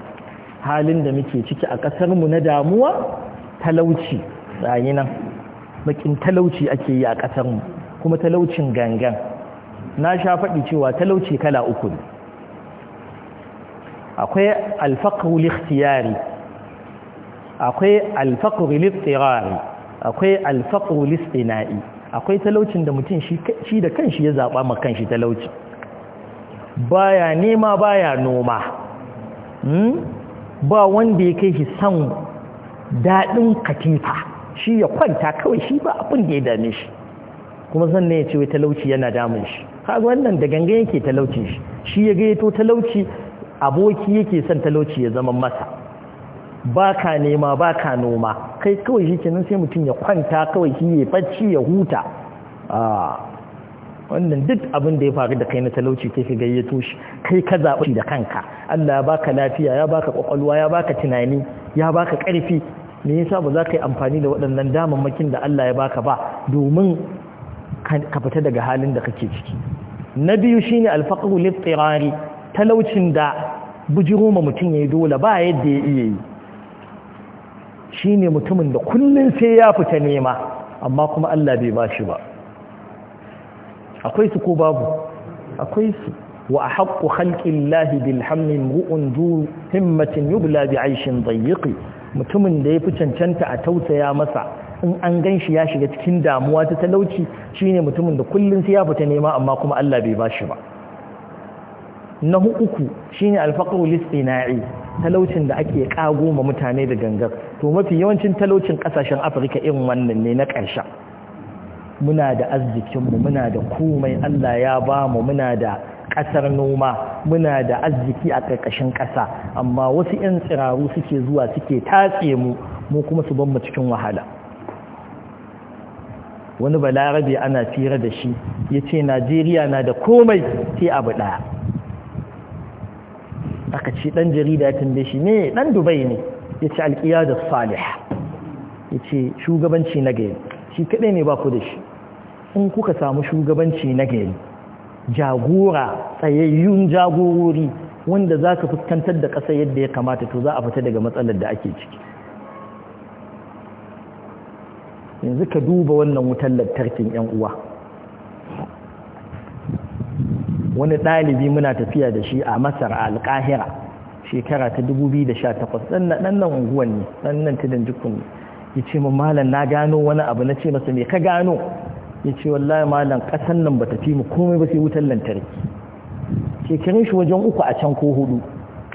halin da muke ciki a kasar mu na damuwa talauci rayi nan bakin talauci ake yi a kasar mu kuma talaucin gangan na sha faɗi cewa talauci kala uku ne akwai alfaqru likhtiyari akwai alfaqru akwai alfaqru listina'i akwai talaucin da mutum shi da kanshi ya zaɓa ma kanshi talauci baya nema baya noma hmm? ba wanda ya kai shi san daɗin katifa shi ya kwanta kawai shi ba abin da ya dame shi kuma sannan ya ce wai talauci yana damun shi kaga wannan da gangan yake talauci shi shi ya gayyato talauci aboki yake son talauci ya zama masa ba ka nema ba ka noma kai kawai shi kenan sai mutum ya kwanta kawai shi ya bacci ya huta wannan duk abin da ya faru da kai na talauci kai ka gayyato shi kai ka zaɓi da kanka Allah ya baka lafiya ya baka kwakwalwa ya baka tunani ya baka ƙarfi me yasa ba za ka yi amfani da waɗannan damammakin da Allah ya baka ba domin ka fita daga halin da kake ciki na biyu shine alfaqru liftirari talaucin da bujiro ma mutum yayi dole ba yadda ya iya yi Shi ne mutumin da kullum sai ya fita nema amma kuma Allah bai ba shi ba akwai su ko babu akwai su wa haqqu Halƙin bil hammi ru'un du himmatin yubla bi aishin dayiqi mutumin da ya fi cancanta a tausaya masa in an gan shi ya shiga cikin damuwa ta talauci shine mutumin da kullum sai ya fita nema amma kuma Allah bai ba shi ba na uku shine alfaqru listina'i talaucin da ake kago ma mutane da gangar to mafi yawancin talaucin ƙasashen Afirka irin wannan ne na ƙarshe? muna da arzikinmu muna da komai Allah ya ba mu muna da ƙasar noma muna da arziki a ƙarƙashin ƙasa amma wasu 'yan tsiraru suke zuwa suke tatse mu mu kuma su mu cikin wahala wani balarabe ana fira da shi ya ce najeriya na da komai sai abu ɗaya aka ce dan jarida ya tambaye shi ne dan dubai ne ya ce alƙiyadar salih ya ce shugabanci na gari shi kaɗai ne ba ku da shi in kuka samu shugabanci na gari jagora tsayayyun jagorori wanda za ka fuskantar da ƙasa yadda ya kamata to za a fita daga matsalar da ake ciki yanzu ka duba wannan wutan lantarkin 'yan uwa wani ɗalibi muna tafiya da shi a masar a alƙahira shekara ta 2018 ɗan nan unguwan ne ɗan nan tudun jikun ne ya ce min malam na gano wani abu na ce masa me ka gano ya ce wallahi malam ƙasan nan ba ta fi mu komai ba sai wutar lantarki shekarun shi wajen uku a can ko hudu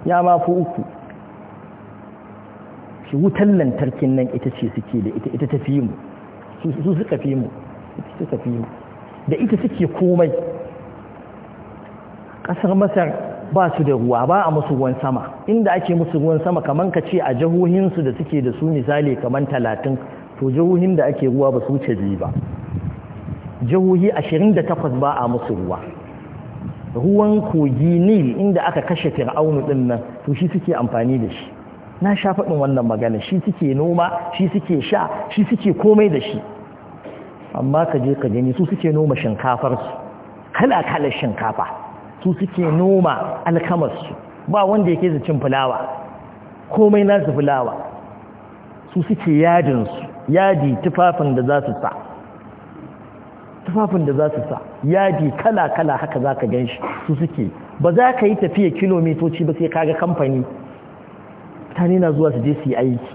ya ma fi uku shi wutar lantarkin nan ita ce suke da ita ita ta fi mu su suka fi mu da ita suke komai ƙasar masar ba su da ruwa ba a musu ruwan sama inda ake musu ruwan sama kamar ka ce a jihohinsu da suke da su misali kamar talatin to jihohin da ake ruwa ba su wuce biyu ba jihohi ashirin da takwas ba a musu ruwa ruwan kogi nil inda aka kashe fir'aunu ɗin nan to shi suke amfani da shi na sha faɗin wannan magana shi suke noma shi suke sha shi suke komai da shi amma ka je ka gani su suke noma shinkafarsu kala-kalar shinkafa su suke noma alkamarsu ba wanda yake su cin fulawa komai nasu fulawa su suke yadinsu yadi tufafin da za su sa tufafin da za su sa yadi kala-kala haka za ka gan shi su suke ba za ka yi tafiya kilomitoci ba sai kaga kamfani ta na zuwa su je su yi aiki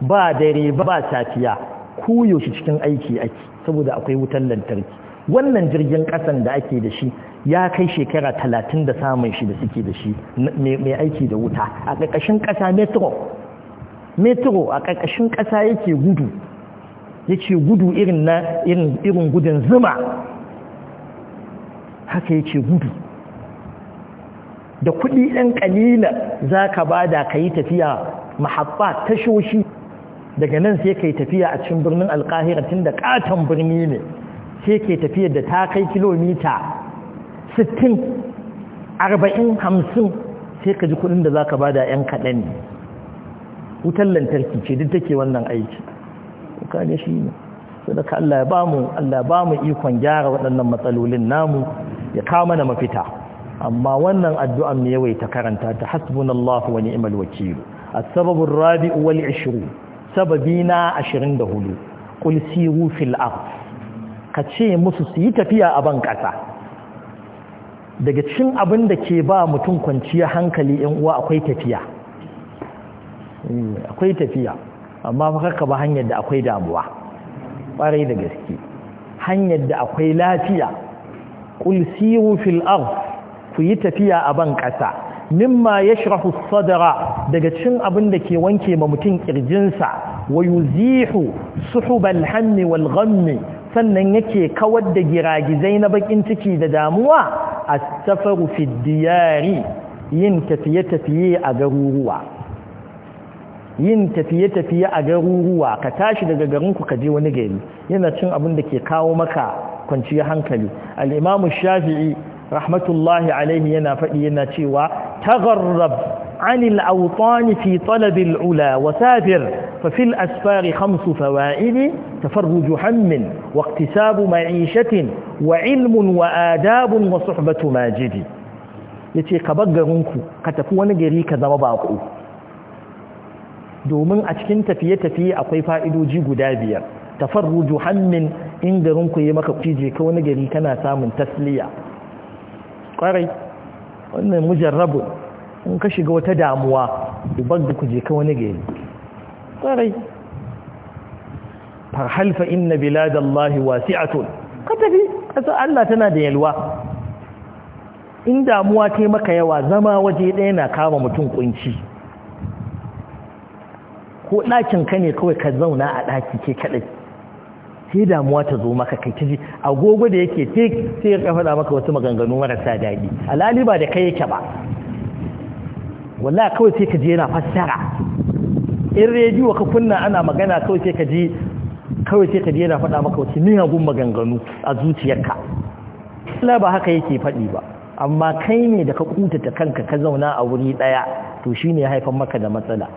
ba dare ba safiya koyaushe cikin aiki ake saboda akwai wutan lantarki wannan jirgin kasan da ake da shi ya kai shekara talatin da samun shi da suke da shi mai aiki da wuta a ƙarƙashin ƙasa metro metro a ƙarƙashin ƙasa yake gudu yake gudu irin na irin gudun zuma haka yake gudu da kuɗi ɗan ƙalila za ka ba da ka yi tafiya mahabba tashoshi daga nan sai ka yi tafiya a cikin birnin alƙahira tun da ƙaton birni ne sai ke tafiya da ta kai kilomita sittin arba'in hamsin sai ka ji kudin da za ka ba da 'yan kaɗan wutar lantarki ce duk take wannan aiki kuka ne shi ne sadaka Allah ya Allah ya bamu ikon gyara waɗannan matsalolin namu ya kama na mafita amma wannan addu'an ne yawai ta karanta ta hasbunallahu wa ni'mal wakil as-sababu ar-rabi'u wal 20 sababina 24 qul siru fil ard ce musu su yi tafiya a ban kasa daga cikin abin da ke ba mutum kwanciya hankali in uwa akwai tafiya eh, akwai tafiya amma makaka ba hanyar da akwai damuwa ƙwarai da gaske hanyar da akwai lafiya ƙulsiru siru fil arz ku yi tafiya a ban ƙasa mimma yashrahu sadara daga cikin abin da ke wanke ma mutum ƙirjinsa wa yuzihu suhubal hammi wal ghammi sannan yake kawar da giragizai na bakin ciki da damuwa a safaru fiddiyari yin tafiye-tafiye a garuruwa yin tafiye-tafiye a garuruwa ka tashi daga garinku ka je wani gari yana cin abin da ke kawo maka kwanciyar hankali al'imamu shafi'i rahmatullahi alaihi yana faɗi yana cewa tagarrab عن الأوطان في طلب العلا وسافر ففي الأسفار خمس فوائد تفرج حم واقتساب معيشة وعلم وآداب وصحبة ماجد يتي قبق غنك قتكو ونقريك ذوباق دومن أتكن تفية تفية أقيفا إدو جيقو تفرج حم إن غنك يمك قيجيك ونقريك ناسا من تسلية قري وإن مجربون in ka shiga wata damuwa ubar da kuje ka wani gari tsarai fa halfa inna biladallahi wasi'atun ka tafi ƙasar Allah tana da yalwa in damuwa ta maka yawa zama waje ɗaya na kama mutum kunci ko ɗakin ka ne kawai ka zauna a ɗaki ke kaɗai sai damuwa ta zo maka kai kiji agogo da yake sai ya kafa maka wasu maganganu marasa daɗi alali ba da kai yake ba Walla kawai sai ka je yana fassara in rediyo ka kunna ana magana kawai sai ka je kawai sai ka je yana faɗa maka wace miyagun maganganu a zuciyarka Allah ba haka yake faɗi ba amma kai ne da ka kutata kanka ka zauna a wuri ɗaya to shine ya haifar maka da matsala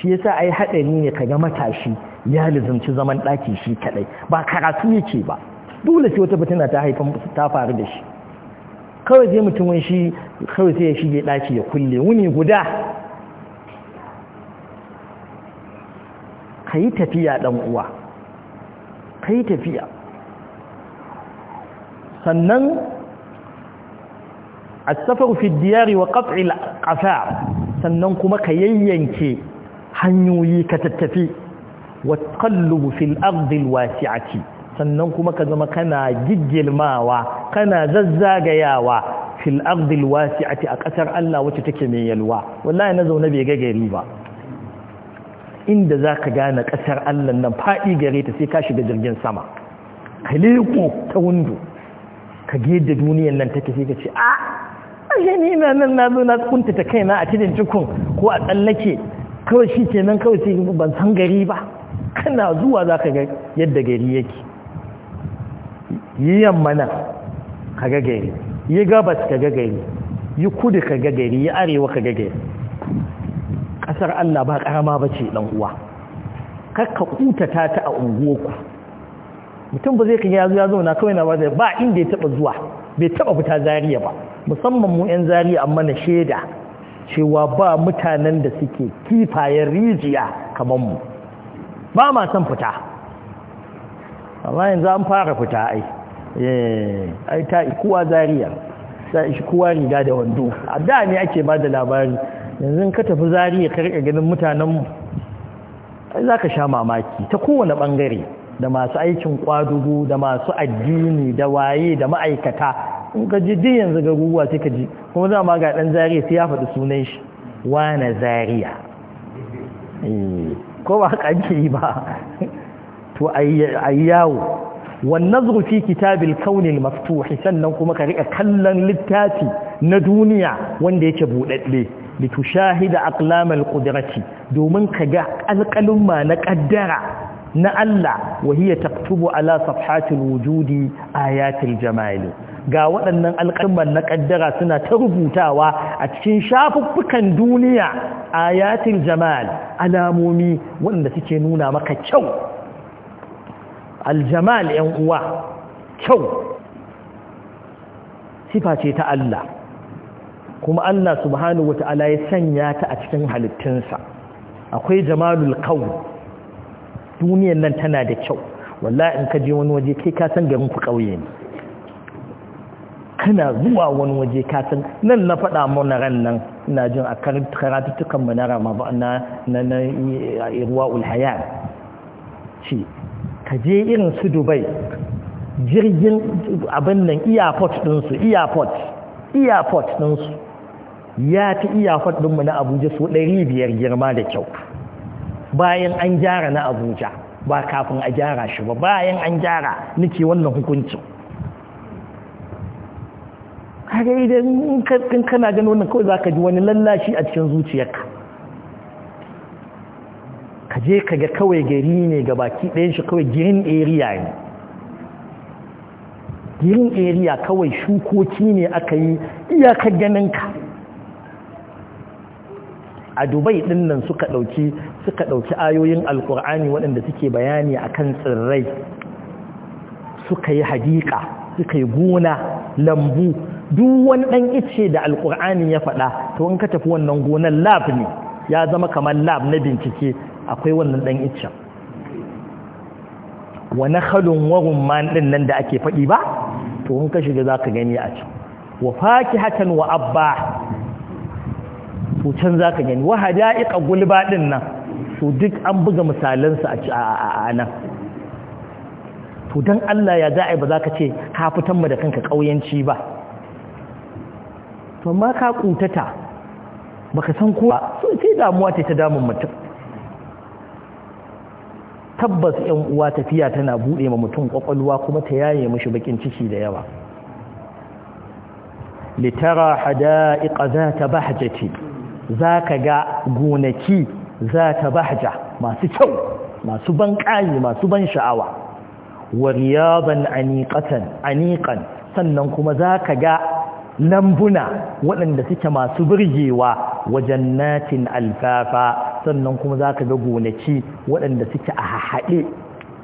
shi yasa ai haɗari ne ka ga matashi ya lizumci zaman ɗaki shi kaɗai ba karatu yake ba dole sai wata fitina ta haifar ta faru da shi kawai zai mutumin shi kawai sai ya shige ɗaki ya kulle wuni guda ka yi tafiya ɗan uwa ka yi tafiya sannan a safar fidiyari wa ƙaf'il ƙafa sannan kuma ka yayyanke hanyoyi ka tattafi wa kallubu fil ardil wasi'ati sannan kuma ka zama kana giggilmawa kana zazzagayawa fil ardil wasi'ati a kasar Allah wacce take mai yalwa wallahi na zaune bai ga gari ba inda zaka gane kasar Allah nan fadi gare ta sai ka shiga jirgin sama kaliku ta wundu ka ga yadda duniyar nan take sai ka ce a ah, ashe ni na nan na zo na kunta ta kaina a cikin cikun ko a tsallake kawai shi kenan kawai sai ban san gari ba kana zuwa zaka ga yadda gari yake yi yamma nan ka gagari yi gabas ka gagari yi kudu ka gagari yi arewa ka gagari ƙasar Allah ba ƙarama ba ce ɗan uwa kakka kutata ta a unguwarku mutum ba zai kan yazo ya zauna kawai na ba da ba inda ya taɓa zuwa bai taɓa fita zariya ba musamman mu yan zariya amma na shaida cewa ba mutanen da suke kifayen rijiya kamar mu ba ma san fita amma yanzu an fara fita ai Eh, ai ta ikuwa zariya ta kuwa riga da wando a da ne ake ba da labari yanzu ka tafi zariya ka rika ganin mutanenmu za ka sha mamaki ta kowane bangare da masu aikin kwadugu da masu addini da waye da ma'aikata in ka ji din yanzu ga guguwa sai ka ji kuma za ma ga ɗan zariya sai ya faɗi sunan shi wane zariya eh, ko ba haka yi ba to a yi yawo والنظر في كتاب الكون المفتوح sannan kuma ka riƙa kallon littafi na duniya wanda yake budadde litushahida aqlam alqudrati domin ka ga alƙalin na kaddara na Allah wahiya taktubu ala safhatil wujudi ayatil jamal ga waɗannan alƙalman na kaddara suna ta rubutawa a cikin shafukan duniya ayatil jamal alamomi wanda suke nuna maka kyau aljamal ‘yan uwa kyau sifa ce ta Allah kuma Allah subhanahu wata'ala ya sanya ta a cikin halittunsa akwai jamalul kawo duniyan nan tana da kyau walla in ka je wani waje kai ka san garin ku ƙauye ne kana zuwa wani waje ka san nan na faɗa mana ran nan ina jin a karatuttukan mu na rama na na ruwa ulhayar ce ka je irin su dubai jirgin abin nan airport ɗinsu airport airport ɗinsu ya fi airport ɗinmu na abuja su ɗari biyar girma da kyau bayan an gyara na abuja ba kafin a gyara shi ba bayan an gyara nake wannan hukuncin kaga idan kana ganin wannan kawai za ka ji wani lallashi a cikin zuciyarka je ka ga kawai gari ne ga baki ɗayan shi kawai green area ne green area kawai shukoki ne aka yi ganin ka a dubai ɗin nan suka ɗauki suka ɗauki ayoyin alkur'ani waɗanda suke bayani akan tsirrai suka yi hadika suka yi gona lambu duk wani ɗan ice da alkur'ani ya faɗa to in ka tafi wannan gonan lab ne ya zama kamar lab na bincike akwai wannan ɗan iccen wani halin warin man ɗin nan da ake faɗi ba to in ka shiga za ka gani a can wa faki hatan wa abba to can za ka gani wa hada'iƙa gulba ɗin nan to duk an buga misalansu a nan to don Allah ya za'a ba za ka ce ka fitan mu da kanka ƙauyenci ba to ma ka ƙutata baka san kowa sai damuwa ta ta damun mutum tabbas yan uwa tafiya tana buɗe ma mutum kwakwalwa kuma ta yaye mashi bakin ciki da yawa litara hada'iqa zata bahjati ka ga gonaki za zata bahja masu kyau masu ban ƙayi masu ban sha'awa wa riyaban aniqatan aniqan sannan kuma za ka ga lambuna waɗanda suke masu birgewa wajen natin alfafa sannan kuma za ka ga gonaki waɗanda suke a haɗe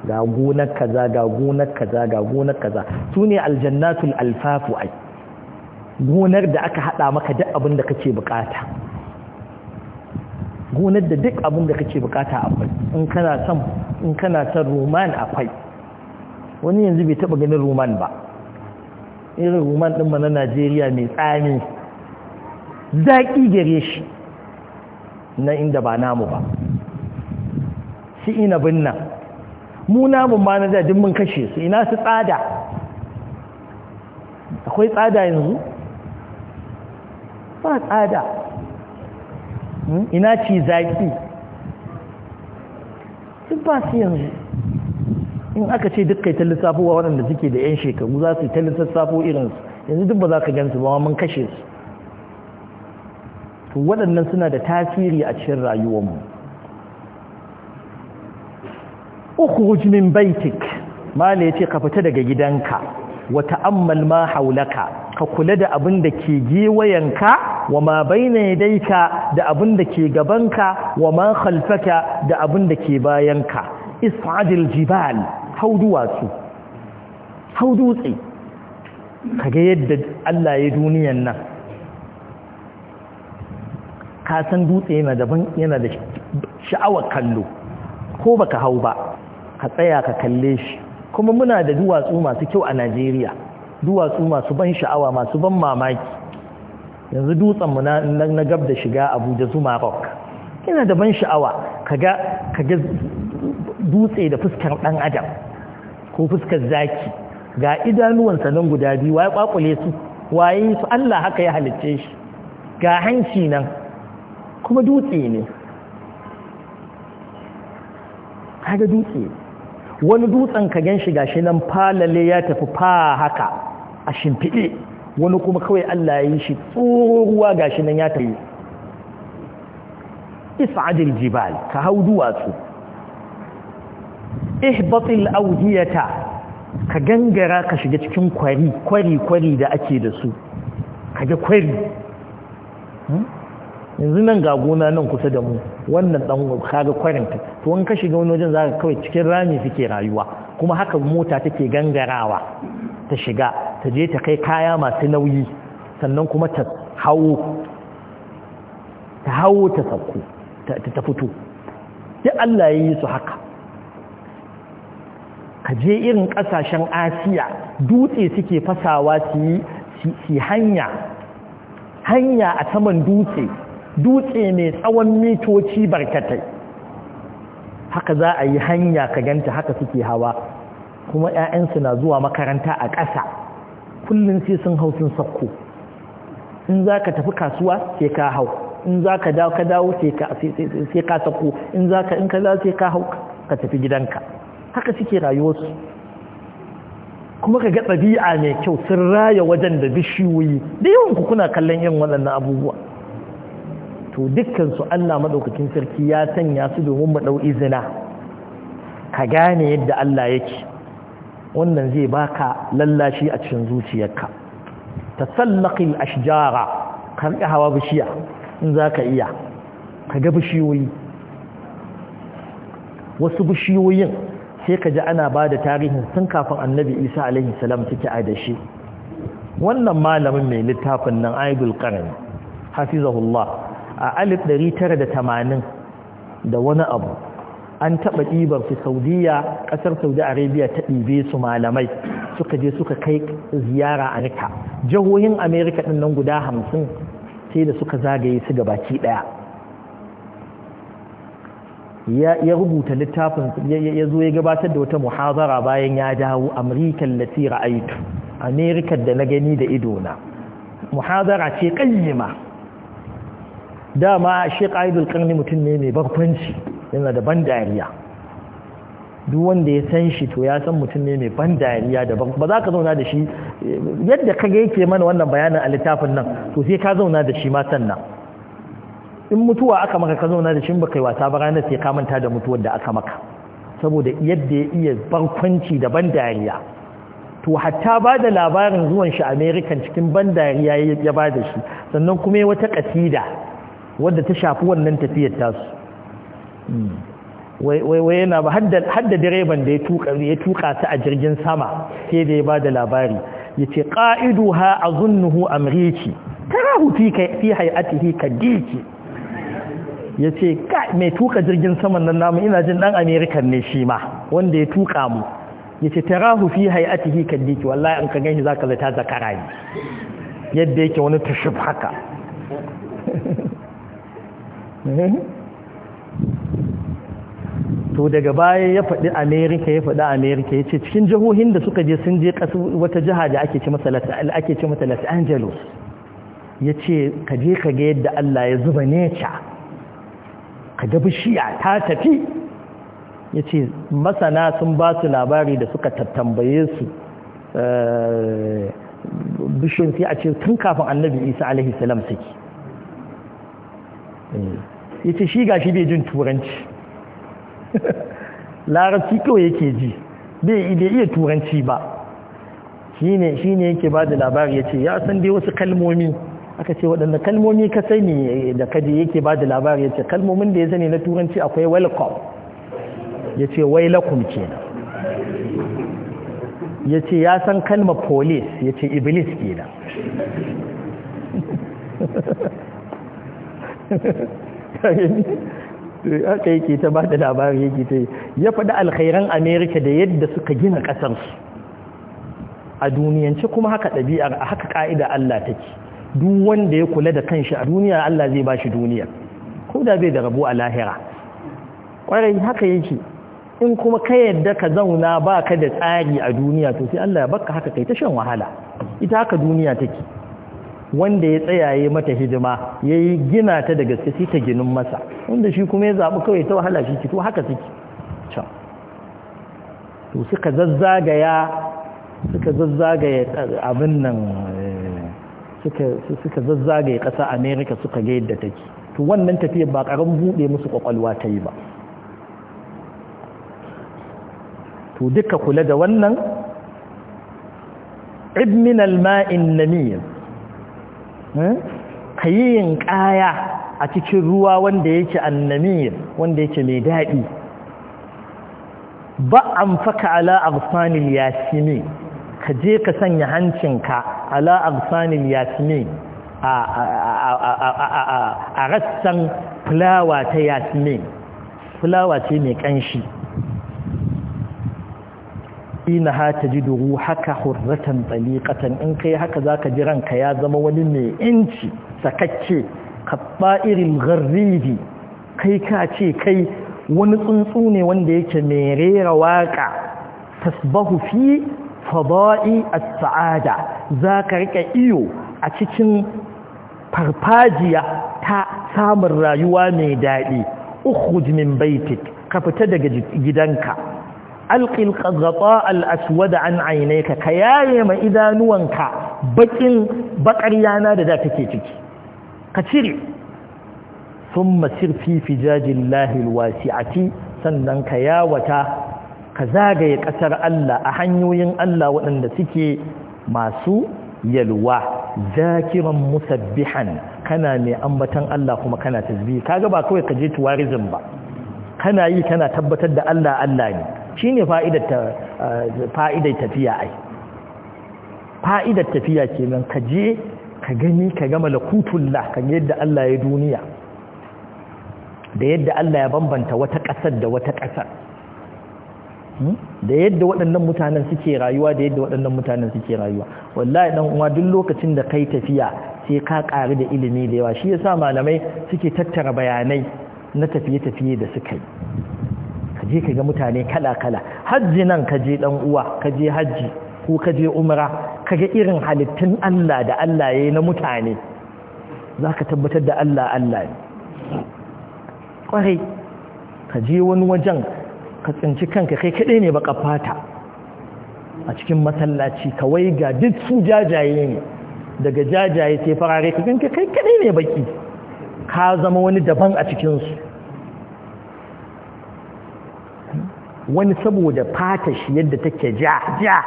ga gonar kaza ga gonar kaza ga gonar kaza su ne aljannatul alfafu ai gonar da aka haɗa maka duk abin da kake bukata gonar da duk abin da kake bukata akwai in kana son in kana son roman akwai wani yanzu bai taɓa ganin roman ba irin ruman ɗin na najeriya mai tsami zaƙi gare shi na inda ba namu ba Shi ina binna mu namun ma na dadin mun kashe su ina su tsada akwai tsada yanzu ba tsada hmm? ina ci zaƙi su ba su yanzu in aka ce duk kai ta lissafowa waɗanda suke da 'yan shekaru za su yi ta lissafo irinsu yanzu duk ba za ka gansu ba mun kashe su to waɗannan suna da tasiri a cikin rayuwarmu ukhruj min baitik mala ce ka fita daga gidanka wa ta'ammal ma haulaka ka kula da abin da ke gewayenka wa ma baina yadayka da abin da ke gabanka wa ma khalfaka da abin da ke bayanka is'adil jibal hau duwatsu hau dutse kaga yadda Allah ya duniyan nan ka san dutse yana da yana da sha'awar kallo ko baka hau ba ka tsaya ka kalle shi kuma muna da duwatsu masu kyau a Najeriya duwatsu masu ban sha'awa masu ban mamaki yanzu dutsenmu na gab da shiga Abuja Zuma Rock yana da ban sha'awa kaga kaga dutse da fuskar ɗan adam ko fuskar zaki ga idanuwansa nan guda biyu waye kwakule su waye su Allah haka ya halicce shi ga hanci nan kuma dutse ne kaga dutse wani dutsen ka gan shi gashi nan falale ya tafi fa haka a shimfiɗe wani kuma kawai Allah ya yi shi tsoruwa gashi nan ya tafi isa'adil jibal ka hau duwatsu ihbatil awdiyata ka gangara ka shiga cikin kwari kwari kwari da ake da su kaje kwari hmm? yanzu nan ga gona nan kusa da mu wannan dan kaga kwarin ta to in ka shiga wani wajen zaka kai cikin rami suke rayuwa kuma haka mota take gangarawa ta shiga ta je ta kai kaya masu nauyi sannan kuma ta hawo ta hawo ta sauko ta fito duk Allah ya yi su haka ka je irin ƙasashen asiya dutse suke fasawa su yi hanya hanya a saman dutse dutse mai tsawon mitoci barkatai haka za a yi hanya ka ganta haka suke hawa kuma 'ya'yansu na zuwa makaranta a ƙasa kullum sai sun hau sun sakko in za ka tafi kasuwa sai ka hau in za ka dawo ka dawo sai ka sakko in za ka in ka za sai ka hau ka tafi gidanka haka suke rayuwarsu kuma ka ga ɗabi'a mai kyau sun raya wajen da bishiyoyi da yawan ku kuna kallon yin waɗannan abubuwa to dukkansu Allah maɗaukakin sarki ya sanya su domin mu ɗau izina ka gane yadda Allah yake wannan zai baka lallashi a cikin zuciyarka tasallaqil ashjara kan hawa bishiya in zaka iya ka ga bishiyoyi wasu bishiyoyin sai ka ji ana ba da tarihin sun kafin annabi isa alaihi salam suke a da wannan malamin mai littafin nan aibul karin hafizahullah a alif 1980 da wani abu an taɓa ɗibar su saudiya ƙasar saudi arabia ta ɗibe su malamai suka je suka kai ziyara a rika jihohin amerika ɗin nan guda hamsin sai da suka zagaye su gabaki ɗaya ya rubuta littafin ya zo ya gabatar da wata muhazara bayan ya dawo amurka lati ra'aitu amerika da na gani da idona muhazara ce kayyima dama shek aidul karni mutum ne mai barkwanci yana da ban dariya duk wanda ya san shi to ya san mutum ne mai ban dariya da ba za ka zauna da shi yadda ka ga yake mana wannan bayanin a littafin nan to sai ka zauna da shi ma sannan in mutuwa aka maka ka zauna da shi ba kai wata ba ranar sai ka manta da mutuwar da aka maka saboda yadda ya iya barkwanci da ban dariya to hatta ba da labarin zuwan shi american cikin ban dariya ya ba da shi sannan kuma ya wata kasida wadda ta shafi wannan tafiyar tasu hmm. wai yana ba hadda direban da ya tuka ta a jirgin sama sai da ya ba da labari ya ce ƙa'idu ha a zunnuhu amriki ta fi fi ka kadiki ya ce mai tuka jirgin saman nan namu ina jin dan amerikan ne shi ma wanda ya tuka mu ya ce tarahu fi hay'atihi kaddiki wallahi an ka za ka zata zakara ne yadda yake wani tushuf haka to daga baya ya faɗi amerika ya faɗi amerika ya ce cikin jihohin da suka je sun je ƙasa wata jiha da ake ce mata los angeles ya ce ka je ka ga yadda allah ya zuba neca ka dabi bishiya ta tafi ya ce masana sun ba su labari da suka tattambaye su eh, bishiyar sai a ce tun kafin annabi isa alaihi salam suke eh, ya ce shi shi bai jin turanci larabci kawai yake ji bai iya turanci ba shi ne yake ba da labari ya ce ya san dai wasu kalmomi aka ce waɗanda kalmomi ka sani da kaji yake ba da labari ya ce kalmomin da ya sani na turanci akwai welcome ya ce wailakum kenan ya ce ya san kalmar police ya ce iblis kenan aka yake ta ba da labari yake ta ya faɗi alkhairan amerika da yadda suka gina ƙasarsu a duniyance kuma haka ɗabi'ar a haka ƙa'ida Allah take duk wanda ya kula da kanshi a duniya Allah zai ba shi duniya ko da bai da rabo a lahira kwarai haka yake in kuma ka yadda ka zauna ba ka da tsari a duniya to sai Allah ya baka haka kai ta shan wahala ita haka duniya take wanda ya tsayaye mata hidima ya yi gina ta da gaske sai ta ginin masa wanda shi kuma ya zaɓi kawai ta wahala shi to haka suke can to suka zazzagaya suka zazzagaya abin nan suka zazzagaye ƙasa Amerika suka ga yadda take to wannan tafiyar ba ƙaran buɗe musu ƙwaƙwalwa ta yi ba to duka kula da wannan ibmin alma'in namiyar eh, ka yi yin ƙaya a cikin ruwa wanda yake annamiyar wanda yake mai daɗi ba an faka ala arsanil yasimi ka je ka sanya hancinka ala agsanin yasmin a rassan fulawa ta yasmin fulawa ce mai kanshi ina ha ta ji duru haka hurratan tsalikatan in kai haka za ka ji ranka ya zama wani mai inci sakacce kaɓa irin garridi kai ka ce kai wani tsuntsu ne wanda yake mai rera waƙa tasbahu fi fada'i as-sa'ada zaka rika iyo a cikin farfajiya ta samun rayuwa mai daɗi ukhruj min baitik ka fita daga gidanka alqil qadghata al aswada an aynayka ka yaye ma idanuwanka bakin bakar yana da da take ciki ka cire thumma sir fi fijajillahi al-wasi'ati sannan ka yawata ka zagaye ƙasar Allah a hanyoyin Allah waɗanda suke masu yalwa zakiran musabbihan kana mai ambatan Allah kuma kana tasbih kaga ba kawai ka je tourism ba kana yi kana tabbatar da Allah Allah ne shine fa'idar eh, fa'idar tafiya ai fa'idar tafiya kenan ka je ka gani ka ga malakutullah kan yadda Allah ya duniya da yadda Allah ya bambanta wata ƙasar da wata ƙasar Hmm? da yadda waɗannan mutanen suke rayuwa da yadda waɗannan mutanen suke rayuwa wallahi dan uwa duk lokacin da kai tafiya sai ka ƙari da ilimi da yawa shi yasa malamai suke tattara bayanai na tafiye-tafiye da suka yi ka je ka ga mutane kala-kala hajji nan ka je dan uwa ka je hajji ko ka je umra ka ga irin halittun Allah da Allah yayi na mutane zaka tabbatar da Allah Allah ne kwarai ka je wani wajen ka tsinci kanka kai kaɗai ne baka fata a cikin masallaci kawai ga duk su jajaye ne daga jajaye sai farare ka kai kaɗai ne baki ka zama wani daban a cikinsu wani saboda fata shi yadda take ja ja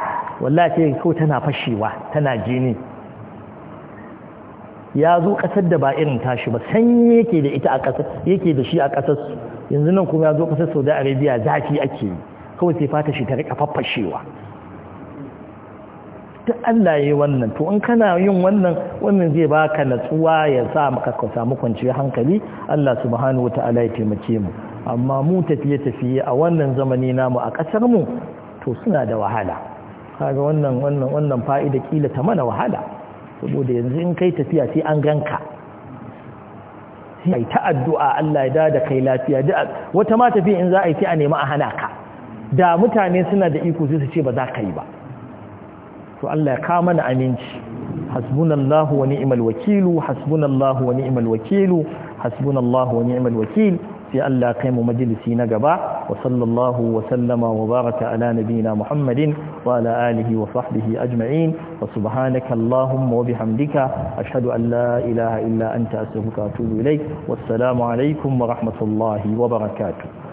ce ko tana fashewa tana jini ya zo ƙasar da ba irin tashi ba sanyi yake da a ƙasar shi a ƙasarsu. yanzu nan kuma ya zo kasar saudi arabiya zafi ake yi kawai sai fata shi ta rika faffashewa Ta Allah ya yi wannan to in kana yin wannan wannan zai baka natsuwa ya sa maka ka samu kwanciyar hankali Allah subhanahu wataala ya taimake mu amma mu tafiye tafiye a wannan zamani namu a kasar mu to suna da wahala kaga wannan wannan wannan fa'ida kila ta mana wahala saboda yanzu in kai tafiya sai an ganka Ai ta addu'a Allah ya dada kai lafiya wata ma tafiya in za a yi sai a nemi a hana ka da mutane suna da iko su ce ba za ka yi ba to Allah ya kama na aminci hasbunallahu wa ni'mal wakilu hasbunallahu wa ni'mal wakilu hasbunallahu wa ni'mal wakil sai Allah kai mu majalisi na gaba wa sallallahu wa sallama wa baraka ala nabina Muhammadin wa ala alihi wa sahbihi ajma'in wa subhanaka Allahumma wa bihamdika ashhadu an la ilaha illa anta astaghfiruka wa atubu ilaik wassalamu alaikum wa rahmatullahi wa barakatuh